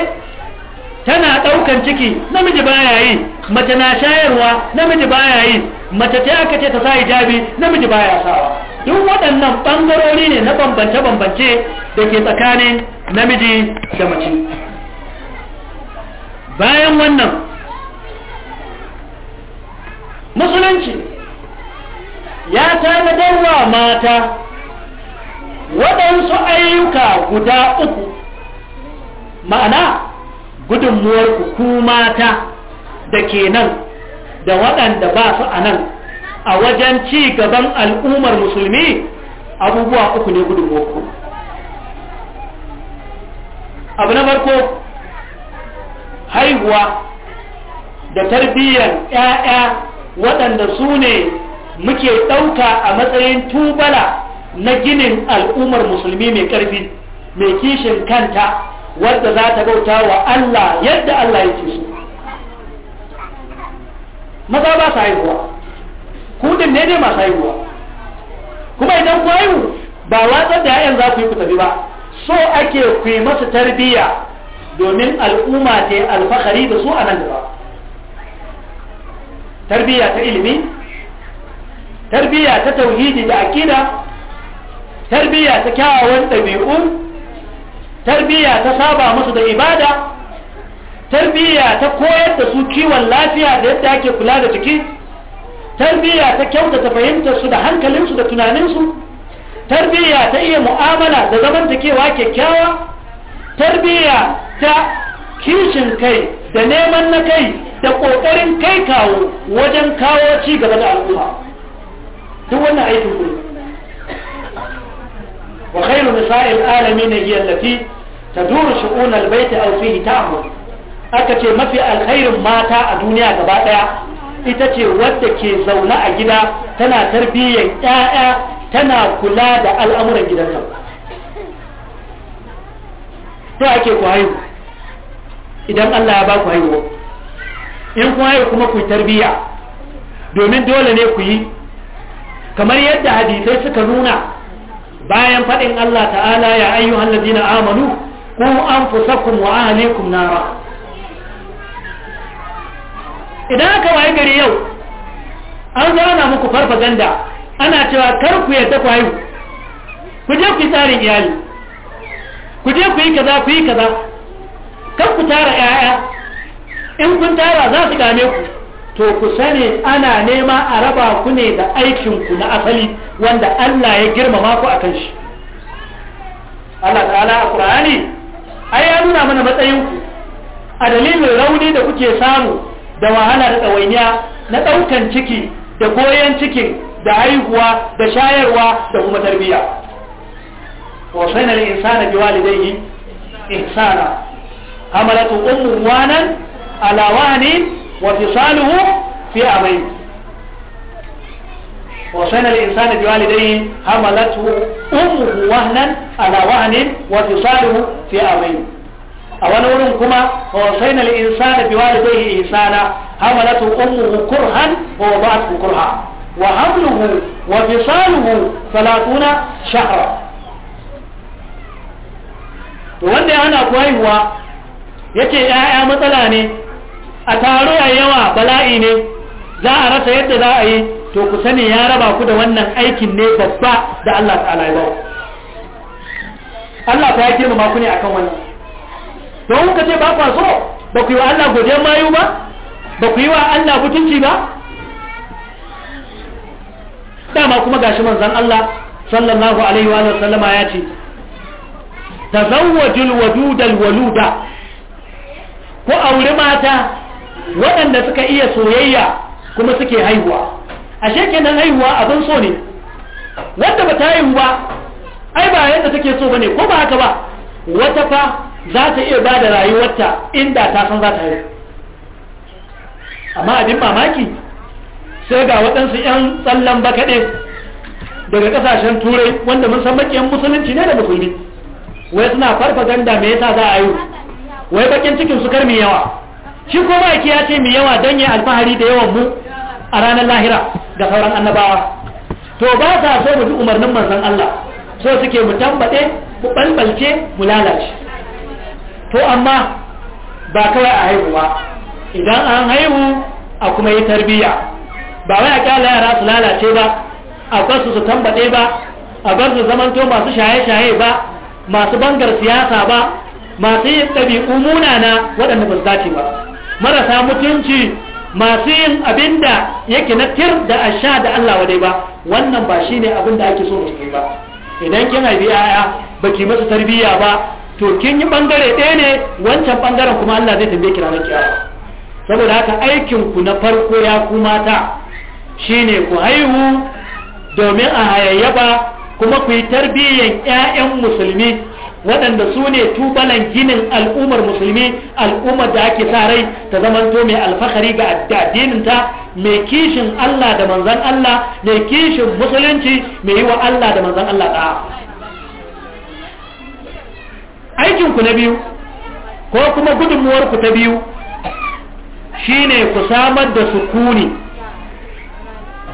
tana daukan ciki namiji baya yi mace na shayarwa namiji baya yi mace ta aka ce ta sa hijabi namiji baya sawa duk waɗannan bangarori ne na bambance-bambance da ke tsakanin namiji da mace bayan wannan musulunci ya tanadarwa mata waɗansu ayyuka guda uku ma'ana gudunmuwar ku mata da ke nan da waɗanda ba su a nan a wajen ci gaban al'ummar musulmi abubuwa uku ne gudunmuwar ku abu na farko haihuwa da tarbiyyar 'ya'ya waɗanda su ne muke ɗauka a matsayin tubala na ginin al'ummar musulmi mai ƙarfi mai kishin kanta wadda za ta bauta wa Allah yadda Allah yake so maza ba su haihuwa kudin ne ne masu haihuwa kuma idan ku haihu ba watsar da 'ya'yan za ku yi ku tafi ba so ake ku yi masu tarbiyya domin al'umma ta alfahari da su a nan gaba tarbiyya ta ilimi tarbiyya ta tauhidi da akida tarbiyya ta kyawawan ɗabi'u tarbiyya ta saba musu da ibada tarbiyya ta koyar da su kiwon lafiya da yadda ake kula da jiki tarbiyya ta kyautata fahimtar su da hankalinsu da tunaninsu tarbiyya ta iya mu'amala da zamantakewa kyakkyawa tarbiyya ta kishin kai da neman na kai da ƙoƙarin kai kawo wajen kawo ci gaba da al'umma duk wannan aikin ku wa khairu misa'il alamin hiya allati taduru shu'un albayt aw fihi aka ce mafi alkhairin mata a duniya gaba daya ita ce wadda ke zaune a gida tana tarbiyyar ƴaƴa tana kula da al'amuran gidanta to ake ku haihu idan Allah ya ba ku haihuwa in kun haihu kuma ku tarbiya tarbiyya domin dole ne ku yi kamar yadda hadisai suka nuna bayan faɗin Allah ta'ala ya ayyuhan ladina amanu ku anfusakum wa ahlikum nara idan aka wayi gari yau an zauna muku farfaganda ana cewa kar ku yadda ku haihu ku je ku yi tsarin iyali ku je ku yi kaza ku yi kaza kan ku tara 'ya'ya in kun tara za su dame ku to ku sani ana nema a raba ku ne da aikin ku na asali wanda Allah ya girmama ku akan shi Allah ta'ala a Qur'ani ai ya nuna mana matsayinku a dalilin rauni da kuke samu da wahala da tsawainiya na ɗaukan ciki da goyon cikin da haihuwa da shayarwa da kuma tarbiyya wa sanar insana biwalidayhi ihsana حملته أمه وانا على وهن وفصاله في عامين وصينا الإنسان بوالديه حملته أمه وهنا على وهن وفصاله في عامين أولا ولم كما وصينا الإنسان بوالديه إنسانا حملته أمه كرها ووضعته كرها وحمله وفصاله ثلاثون شهرا وعندما انا hana ku Ya ce ƴaƴa matsala ne a taro a yawa bala'i ne za a rasa yadda za a yi to ku sani ya raba ku da wannan aikin ne babba da Allah ta'ala ya Allah ta ya girmama maku ne a akan wannan don ka ce ba kwa so ba ku yi wa Allah godiyar mayu ba ba ku yi wa Allah mutunci ba dama kuma gashi manzon Allah sallallahu alaihi wa sallama ya ce zan tazawwajul wadudal waluda ko auri mata waɗanda suka iya soyayya kuma suke haihuwa ashe kenan haihuwa abin so ne wanda ba ta haihu ba ai ba yadda take so bane ko ba haka ba wata fa za ta iya ba da rayuwarta inda ta san za ta haihu amma abin mamaki sai ga waɗansu 'yan tsallan bakaɗe daga ƙasashen turai wanda mun san maƙiyan musulunci ne da musulmi wai suna farfa ganda me yasa za a yi wai bakin cikin su kar mai yawa shi ko ki ya ce mai yawa dan ya alfahari da yawan mu a ranar lahira ga sauran annabawa to ba sa so mu bi umarnin manzon Allah so suke mu tambaɗe mu balbalce mu lalace to amma ba kawai a haihu ba idan an haihu a kuma yi tarbiyya ba wai a kyala yara su lalace ba a kwasu su tambade ba a bar su zamanto masu shaye-shaye ba masu bangar siyasa ba masu yin ɗabi'u munana waɗanda ba su dace ba marasa mutunci masu yin abin da yake na tir da a sha da Allah wadai ba wannan ba shi ne abin da ake so mutum ba idan kin haifi yaya ba ki masu tarbiyya ba to kin yi bangare ɗaya ne wancan bangaren kuma Allah zai tambaye ki ranar kiyama saboda haka aikin ku na farko ya ku mata shine ku haihu domin a ba kuma ku yi tarbiyyan ƴaƴan musulmi waɗanda su ne tubalan ginin al'ummar musulmi al'ummar da ake sa rai ta zamanto mai alfahari ga addininta mai kishin Allah da manzan Allah mai kishin musulunci mai yi wa Allah da manzan Allah ɗaya aikinku na biyu ko kuma gudunmuwarku ta biyu shi ne ku samar da sukuni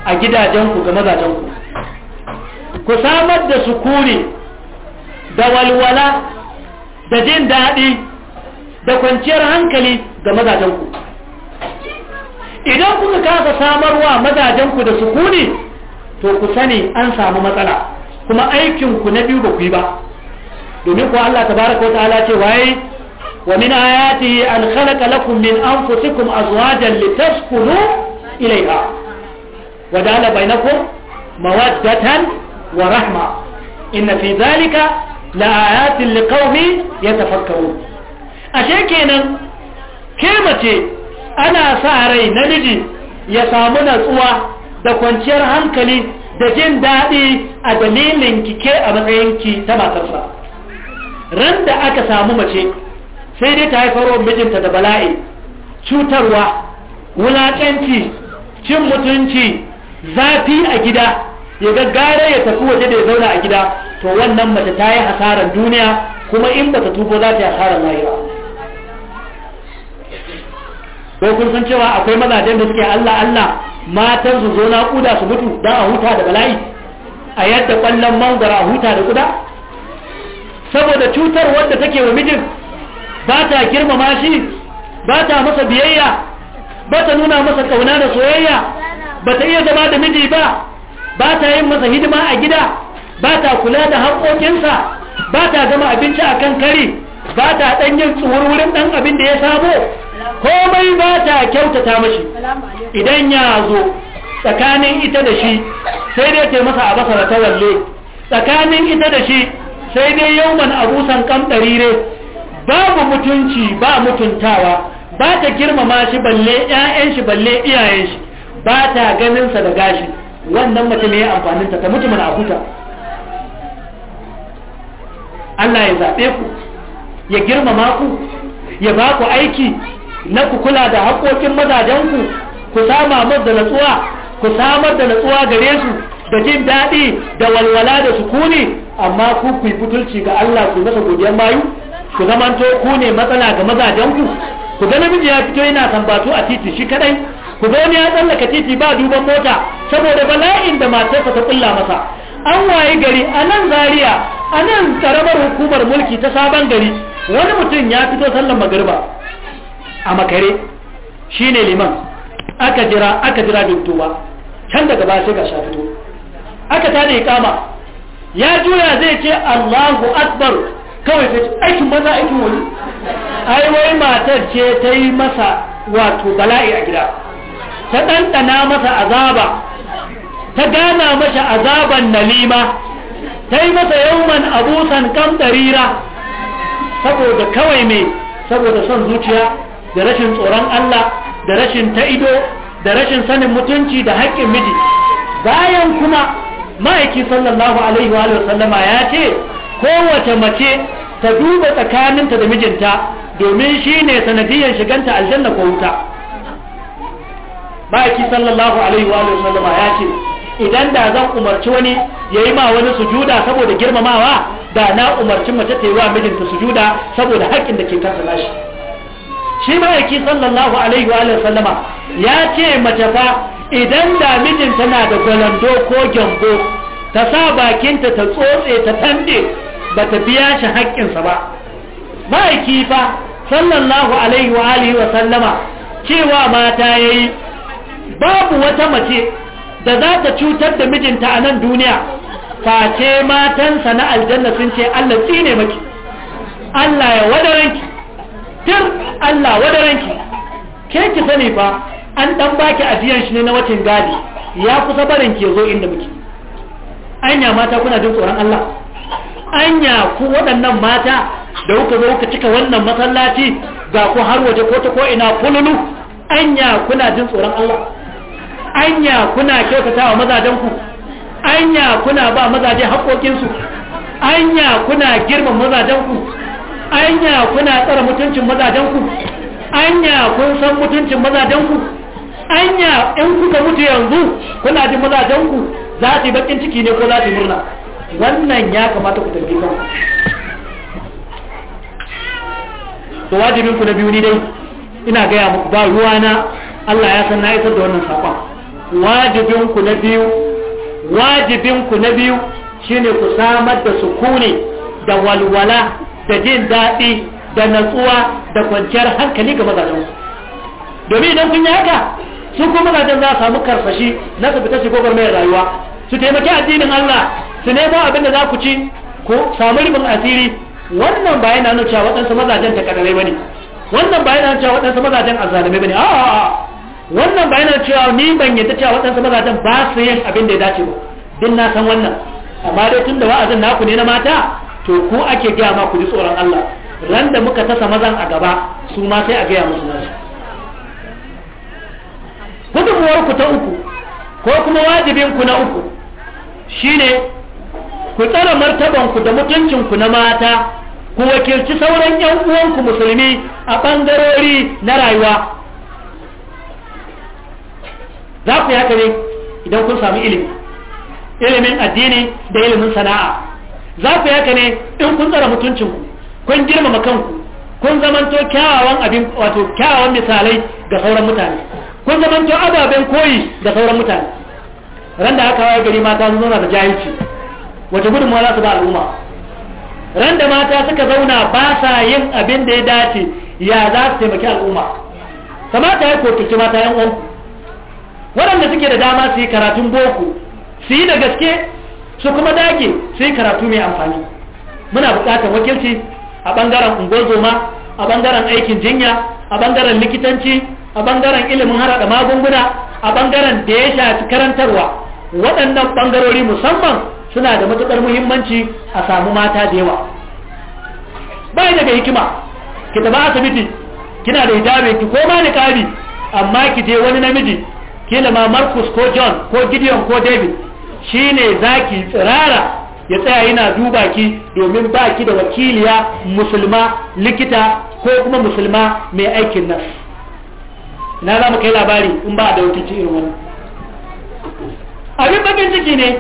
a gidajenku ga mazajenku ku samar da sukuni da walwala da jin daɗi da kwanciyar hankali ga mazajenku idan kuka kasa samarwa mazajenku da sukuni to ku sani an samu matsala kuma aikinku na biyu ba ku yi ba domin ku Allah tabaraka wa ta'ala ce waye wa min ayatihi an khalaqa lakum min anfusikum azwajan litaskunu ilayha wa ja'ala bainakum mawaddatan wa rahma inna fi dhalika la ayatin liqaumi yatafakkarun ashe kenan ke mace ana sa rai namiji ya samu natsuwa da kwanciyar hankali da jin daɗi a dalilin kike a matsayinki ta matarsa ran da aka samu mace sai dai ta wa mijinta da bala'i cutarwa wulaƙanci cin mutunci zafi a gida ya gaggare ya tafi waje da ya zauna a gida to wannan mace ta yi hasaran duniya kuma in bata tubo za ta yi hasaran lahira ko kun san cewa akwai mazajen da suke Allah Allah matan su zo na kuda su mutu don a huta da bala'i a yadda kwallon mangwara a huta da kuda saboda cutar wanda take wa mijin ba ta girmama shi ba ta masa biyayya ba ta nuna masa kauna da soyayya ba ta iya zama da miji ba ba ta yin masa hidima a gida ba ta kula da haƙoƙinsa ba ta gama abinci a kan kari ba ta ɗan yin wurin ɗan abin da ya samo komai ba ta kyautata mashi idan ya zo tsakanin ita da shi sai dai ke masa abasa ta walle tsakanin ita da shi sai dai yau a abusan kan ɗarire babu mutunci ba mutuntawa ba ta girmama shi balle 'ya'yan shi balle iyayen shi ba ta ganinsa da gashi wannan mace ne amfaninta ta mutu mana a huta Allah ya zaɓe ku ya girmama ku ya ba ku aiki na ku kula da haƙoƙin mazajenku ku sama musu da natsuwa ku samar da natsuwa gare su da jin daɗi da walwala da sukuni amma ku ku fitulci ga Allah ku masa godiyar mayu ku zamanto ku ne matsala ga mazajenku ku ga namiji ya fito yana tambatu a titi shi kaɗai ku ga wani ya tsallaka titi ba duban mota saboda bala'in da matarsa ta kulla masa an waye gari a nan zaria a nan karamar hukumar mulki ta sabon gari wani mutum ya fito sallan magarba a makare shi ne liman aka jira aka jira bintuwa can daga ba sai ga sha fito aka tada kama. ya juya zai ce Allahu akbar kawai sai aikin maza aikin wani ai wai matar ce ta yi masa wato bala'i a gida ta ɗanɗana masa azaba ta gana masa azaban nalima ta yi masa yauman abusan kam saboda kawai mai saboda son zuciya da rashin tsoron Allah da rashin ta ido da rashin sanin mutunci da haƙƙin miji bayan kuma ma'aiki sallallahu alaihi wa sallama ya ce kowace mace ta duba tsakaninta da mijinta domin shi ne sanadiyar shiganta aljanna ko wuta ma'aiki sallallahu alaihi wa sallama ya ce idan da zan umarci wani ya yi ma wani sujuda saboda girmamawa da na umarci mace ta yi wa mijinta sujuda saboda haƙƙin da ke kansa nashi shi ma'aiki sallallahu alaihi wa sallama ya ce mace fa idan da mijinta na da gwalando ko gyambo ta sa bakinta ta tsotse ta tande ba ta biya shi haƙƙinsa ba ma'aiki fa sallallahu alaihi wa sallama cewa mata ya yi babu wata mace da za ta cutar da mijinta a nan duniya face matansa na aljanna sun ce Allah tsine maki Allah ya wadaranki tir Allah wadaranki ke ki sani fa an dan baki ajiyan shi ne na watan gadi ya kusa barin ki zo inda muke anya mata kuna jin tsoron Allah anya ku waɗannan mata da kuka zo kuka cika wannan masallaci ga ku har waje ko ta ko ina fululu anya kuna jin tsoron Allah anya kuna wa mazajenku anya kuna ba mazaje haƙoƙinsu anya kuna girman mazajenku anya kuna tsara mutuncin mazajenku anya kun san mutuncin mazajenku anya in kuka mutu yanzu kuna jin mazajenku za ta yi bakin ciki ne ko za su murna wannan ya kamata ku tafi kanku to wajibinku na biyu ni dai ina gaya muku ba ruwana Allah ya san na isar da wannan saƙon wajibin ku na biyu wajibin ku na biyu shine ku samar da sukuni da walwala da jin daɗi da natsuwa da kwanciyar hankali ga mazajen domin idan kun yi haka su kuma mazajen za su samu karfashi na su fita shigo mai rayuwa su taimaki addinin Allah su nemo abin da za ku ci ku samu ribin asiri wannan ba yana nuna cewa waɗansu mazajen ta kadare bane wannan ba yana nuna cewa waɗansu mazajen azzalumai bane a'a wannan ba yana cewa ni ban yadda cewa waɗansu mazajen ba su yin abin da ya dace ba din na san wannan amma dai tun da wa'azin naku ne na mata to ku ake gaya ma ku ji tsoron Allah ran da muka tasa mazan a gaba su ma sai a gaya musu nasu gudunmuwar ku ta uku ko kuma wajibin ku na uku shine ku tsara martaban ku da mutuncin ku na mata ku wakilci sauran yan uwanku musulmi a bangarori na rayuwa za ku yi haka ne idan kun samu ilimi ilimin addini da ilimin sana'a za ku yi haka ne in kun tsara mutuncinku kun girmama kanku kun zamanto kyawawan abin wato kyawawan misalai ga sauran mutane kun zamanto ababen koyi ga sauran mutane ran da aka waye gari mata sun zauna da jahilci wace gudunmawa za su ba al'umma ran da mata suka zauna ba sa yin abin da ya dace ya za su taimaki al'umma kamata ya kotuci mata yan uwanku waɗanda suke da dama su yi karatun boko su yi da gaske su kuma dage su yi karatu mai amfani muna buƙatar wakilci a ɓangaren ungozoma a ɓangaren aikin jinya a ɓangaren likitanci a ɓangaren ilimin harada magunguna a ɓangaren da ya shafi karantarwa waɗannan ɓangarori musamman suna da matuƙar muhimmanci a samu mata da yawa bai daga hikima ki tafi asibiti kina da hijabi ki koma kabi amma ki je wani namiji kila ma marcus ko john ko gideon ko david shine zaki tsirara ya tsaya yana duba ki domin ba ki da wakiliya musulma likita ko kuma musulma mai aikin nan na za mu kai labari in ba da wakilci irin wani abin bakin ciki ne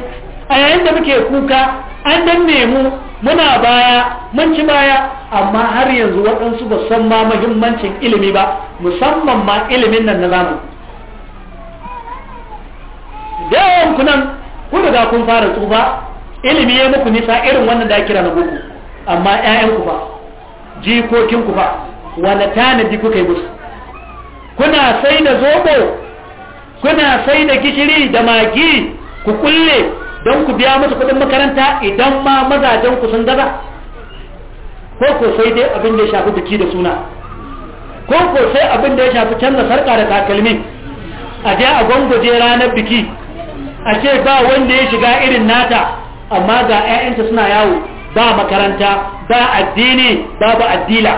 a yayin da muke kuka an dan mu muna baya mun ci baya amma har yanzu waɗansu ba san ma muhimmancin ilimi ba musamman ma ilimin nan na zamani da yawan ku nan kun riga kun fara tsufa ilimi ya muku nisa irin wannan da ake kira na boko amma ƴaƴan ku ba jikokin ku ba tana tanadi kuka yi musu kuna sai da zobo kuna sai da gishiri da magi ku kulle don ku biya musu kuɗin makaranta idan ma mazajen ku sun gaza ko ko sai dai abin da ya shafi biki da suna ko ko sai abin da ya shafi canza sarƙa da takalmi a je a gwangwaje ranar biki a ce ba wanda ya shiga irin nata amma ga 'ya'yanta suna yawo ba makaranta ba addini babu addila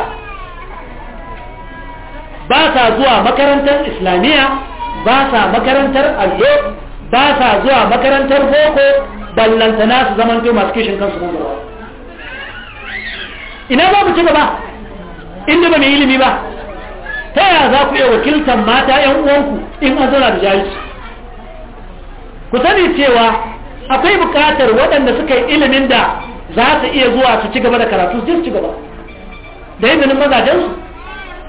ba sa zuwa makarantar islamiyya ba sa makarantar allo ba sa zuwa makarantar boko ballantana su zamanto masu kishin kansu gudu ina babu ci gaba inda ba mai ilimi ba ta yaya za ku iya wakiltar mata 'yan uwanku in an zana da jahilci ku sani cewa akwai bukatar waɗanda suka yi ilimin da za su iya zuwa su ci gaba da karatu su ci gaba da izinin mazajensu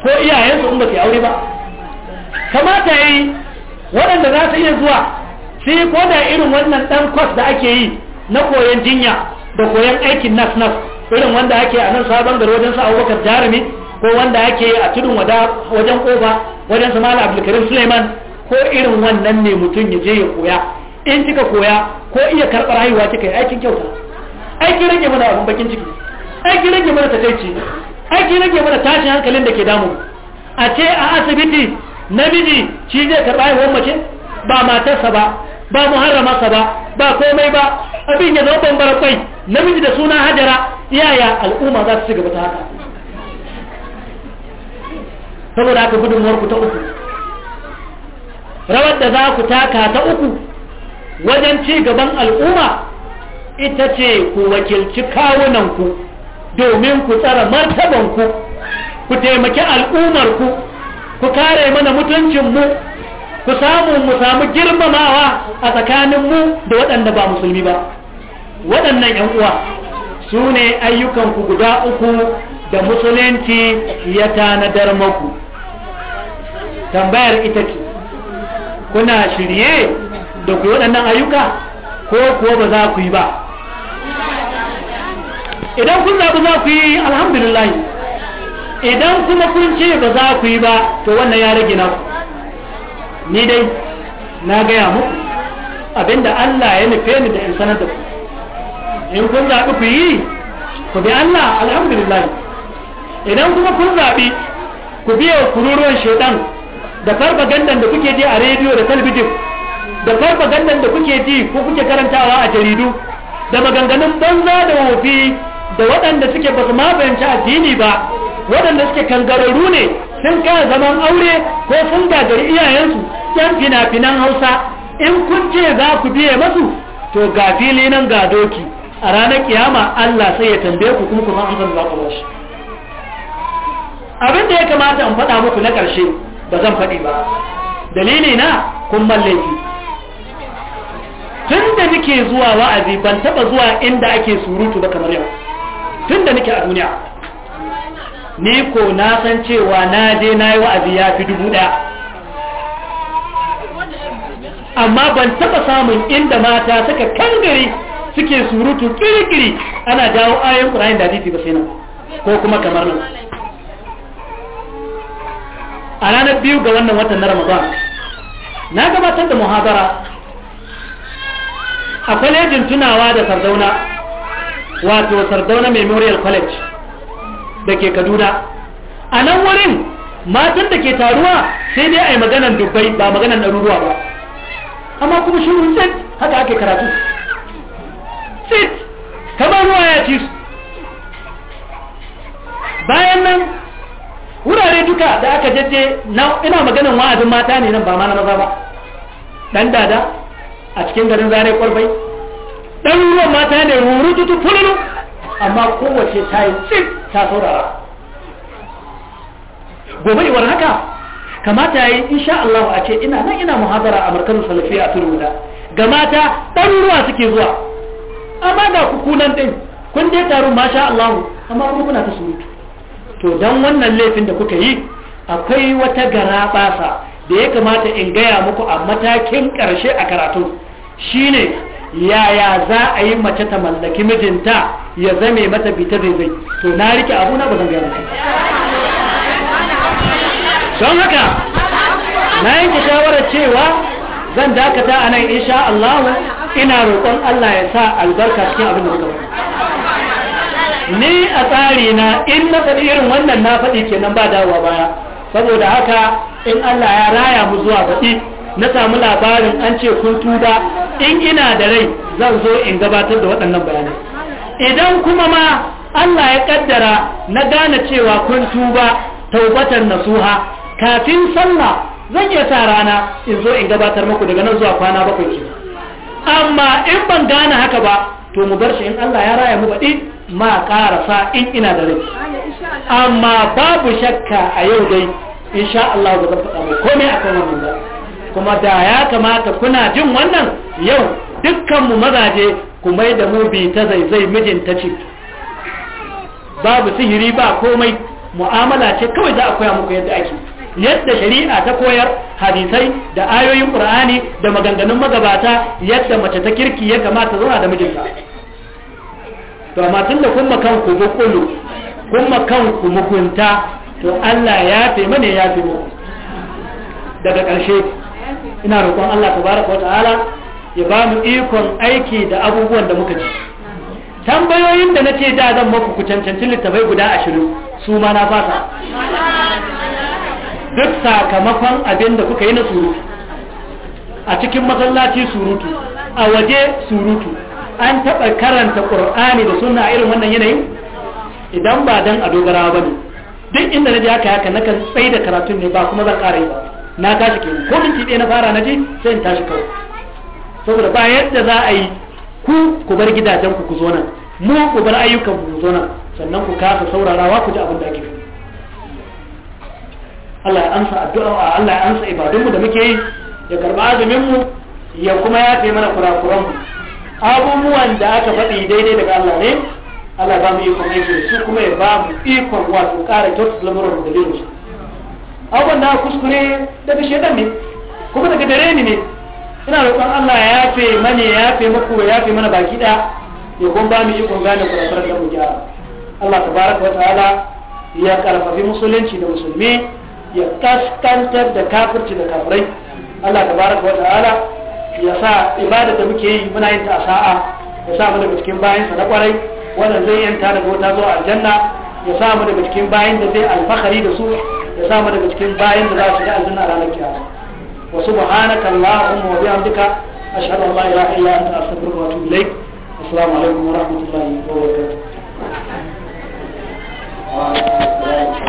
ko iyayensu in ba su aure ba kamata ya yi waɗanda za su iya zuwa su yi ko da irin wannan ɗan kwas da ake yi na koyon jinya da koyon aikin nas nas irin wanda ake a nan sabon gari wajen su abubakar jarumi ko wanda ake a tudun wada wajen kofa wajen su malam abdulkarim suleiman ko irin wannan ne mutum ya je ya koya in kika koya ko iya karɓar haihuwa kika yi aikin kyauta aiki rage mana abin bakin ciki aiki rage mana takaici aiki rage mana tashin hankalin da ke damu a ce a asibiti namiji shi zai karɓa haihuwar mace ba matarsa ba ba muharramarsa ba ba komai ba abin ya zama bambara kwai namiji da suna hajara yaya al'umma za su ci gaba ta haka saboda aka gudunmuwar ku ta uku rawar da za ku taka ta uku wajen ci gaban al'umma ita ce ku wakilci kawunanku domin ku tsara martabanku ku taimaki al'ummarku ku kare mana mutuncinmu ku samu mu samu girmamawa a tsakaninmu da waɗanda ba musulmi ba waɗannan 'yan uwa su ne ayyukanku guda uku da musulunci ya tanadar maku tambayar ita ce kuna shirye da ku waɗannan ayyuka ko kuwa ba za ku yi ba idan kun zaɓi za ku yi alhamdulillah idan kuma kun ce ba za ku yi ba to wannan ya rage naku ni dai na gaya muku abinda Allah ya nufe ni da in sanar da ku in kun zaɓi ku yi ku bi Allah alhamdulillah idan kuma kun zaɓi ku biya kururuwan shaidan da gandan da kuke je a rediyo da talbijin da farfagandan da kuke ji ko kuke karantawa a jaridu da maganganun banza da wofi da waɗanda suke ba su ma addini ba waɗanda suke kangararru ne sun kaya zaman aure ko sun gagari iyayensu yan fina-finan hausa in kun ce za ku biye masu to ga fili nan ga doki a ranar kiyama allah sai ya tambaye ku kuma kuma amsar za ku ba shi abin ya kamata in faɗa muku na ƙarshe ba zan faɗi ba dalili na kun mallaki tun da nike zuwa wa'azi ban taba zuwa inda ake surutu ba kamar yau tun da nike a duniya ni ko na san cewa na je na yi wa'azi ya fi dubu ɗaya amma ban taba samun inda mata suka kangare suke surutu kirkiri ana jawo ayan ƙurayen da hadisi ba sai nan ko kuma kamar nan a ranar biyu ga wannan watan na ramadan na gabatar da muhabara a kwalejin tunawa da sardauna wato sardauna memorial college da ke kaduna a nan wurin matan da ke taruwa sai dai a yi maganan dubbai ba maganan ɗaruruwa ba amma kuma shuru sit haka ake karatu sit kamar ruwa ya ci su bayan nan wurare duka da aka jajje ina maganan wa'azin mata ne nan ba ma na maza ba ɗan dada a cikin garin zare kwarfai ɗan ruwan mata ne ruru tutu fululu amma kowace ta yi tsip ta saurara gobe iwar haka kamata ya yi insha Allah a ce ina nan ina muhadara a markarin salafi a turuda ga mata ruwa suke zuwa amma ga kukunan ɗin kun dai taru masha Allah amma kuma kuna ta surutu to don wannan laifin da kuka yi akwai wata gara basa da ya kamata in gaya muku a matakin ƙarshe a karatu shine yaya za a yi mace ta mallaki mijinta ya zame mata bita zai to na rike abu na ba zan gaya maka don haka na yanke shawarar cewa zan dakata a nan insha Allah ina roƙon Allah ya sa albarka cikin abin da muka ni a tsari na in na faɗi irin wannan na faɗi kenan ba dawowa baya saboda haka in Allah ya raya mu zuwa baɗi na samu labarin an ce kun tuba in ina da rai zan zo in gabatar da waɗannan bayanai idan kuma ma Allah ya ƙaddara na gane cewa kun tuba taubatar nasuha kafin sallah zan iya sa rana in zo in gabatar muku daga nan zuwa kwana bakwai ke amma in ban gane haka ba to mu bar shi in Allah ya raya mu baɗi ma ƙarasa in ina da rai amma babu shakka a yau dai insha Allah ba zan faɗa ba komai akan wannan ba kuma da ya kamata kuna jin wannan yau dukkanmu mazaje ku mai da mu bi ta zaizai mijinta ce babu sihiri ba komai mu'amala ce kawai za a koya muku yadda ake yadda shari'a ta koyar hadisai da ayoyin ƙur'ani da maganganun magabata yadda mace ta kirki ya kamata zauna da mijinta to amma tunda kun makan ku bukulu kun makan ku mukunta to Allah ya fi mane ya fi mu daga ƙarshe ina roƙon Allah tabaraka wata'ala ya ba mu ikon aiki da abubuwan da muka ci tambayoyin da nake da zan muku ku cancanci littafai guda ashirin su ma na fasa duk sakamakon abin da kuka yi na surutu a cikin masallaci surutu a waje surutu an taɓa karanta ƙur'ani da suna irin wannan yanayin idan ba don a dogara ba ne duk inda na ji haka haka nakan tsaye da karatun ne ba kuma zan ƙara yi ba na tashi ke ko minti ɗaya na fara na je sai in tashi kawai saboda ba yadda za a yi ku ku bar gidajen ku ku zo nan mu ku bar ayyukan ku zo nan sannan ku kasa saurarawa ku ji abin da ake Allah ya amsa addu'a Allah ya amsa ibadunmu da muke yi ya karba azumin mu ya kuma yafe mana kurakuran mu abubuwan da aka faɗi daidai daga Allah ne Allah ba mu ikon aiki da su kuma ya ba mu ikon wato ƙara kyautu lamuran da dalilin su abubuwan da kuskure daga shaidan ne kuma daga dare ni ne ina roƙon Allah ya yafe mani ya yafe muku ya yafe mana baki ɗa ya kun ba mu ikon gane kurakuran da mu gyara Allah tabaraka wa ta'ala ya karfafi musulunci da musulmi ya kaskantar da kafirci da kafirai Allah tabaraka wa ta'ala ya sa ibada da muke yi muna yin ta sa'a ya sa mu daga cikin bayansa na kwarai wannan zai yanta daga wata zuwa aljanna ya sa mu daga cikin bayan da zai alfahari da su ya sa daga cikin da za su ga aljanna ranar kiyama wa subhanaka allahumma wa bihamdika ashhadu an la ilaha illa anta astaghfiruka wa atubu assalamu alaikum wa rahmatullahi wa barakatuh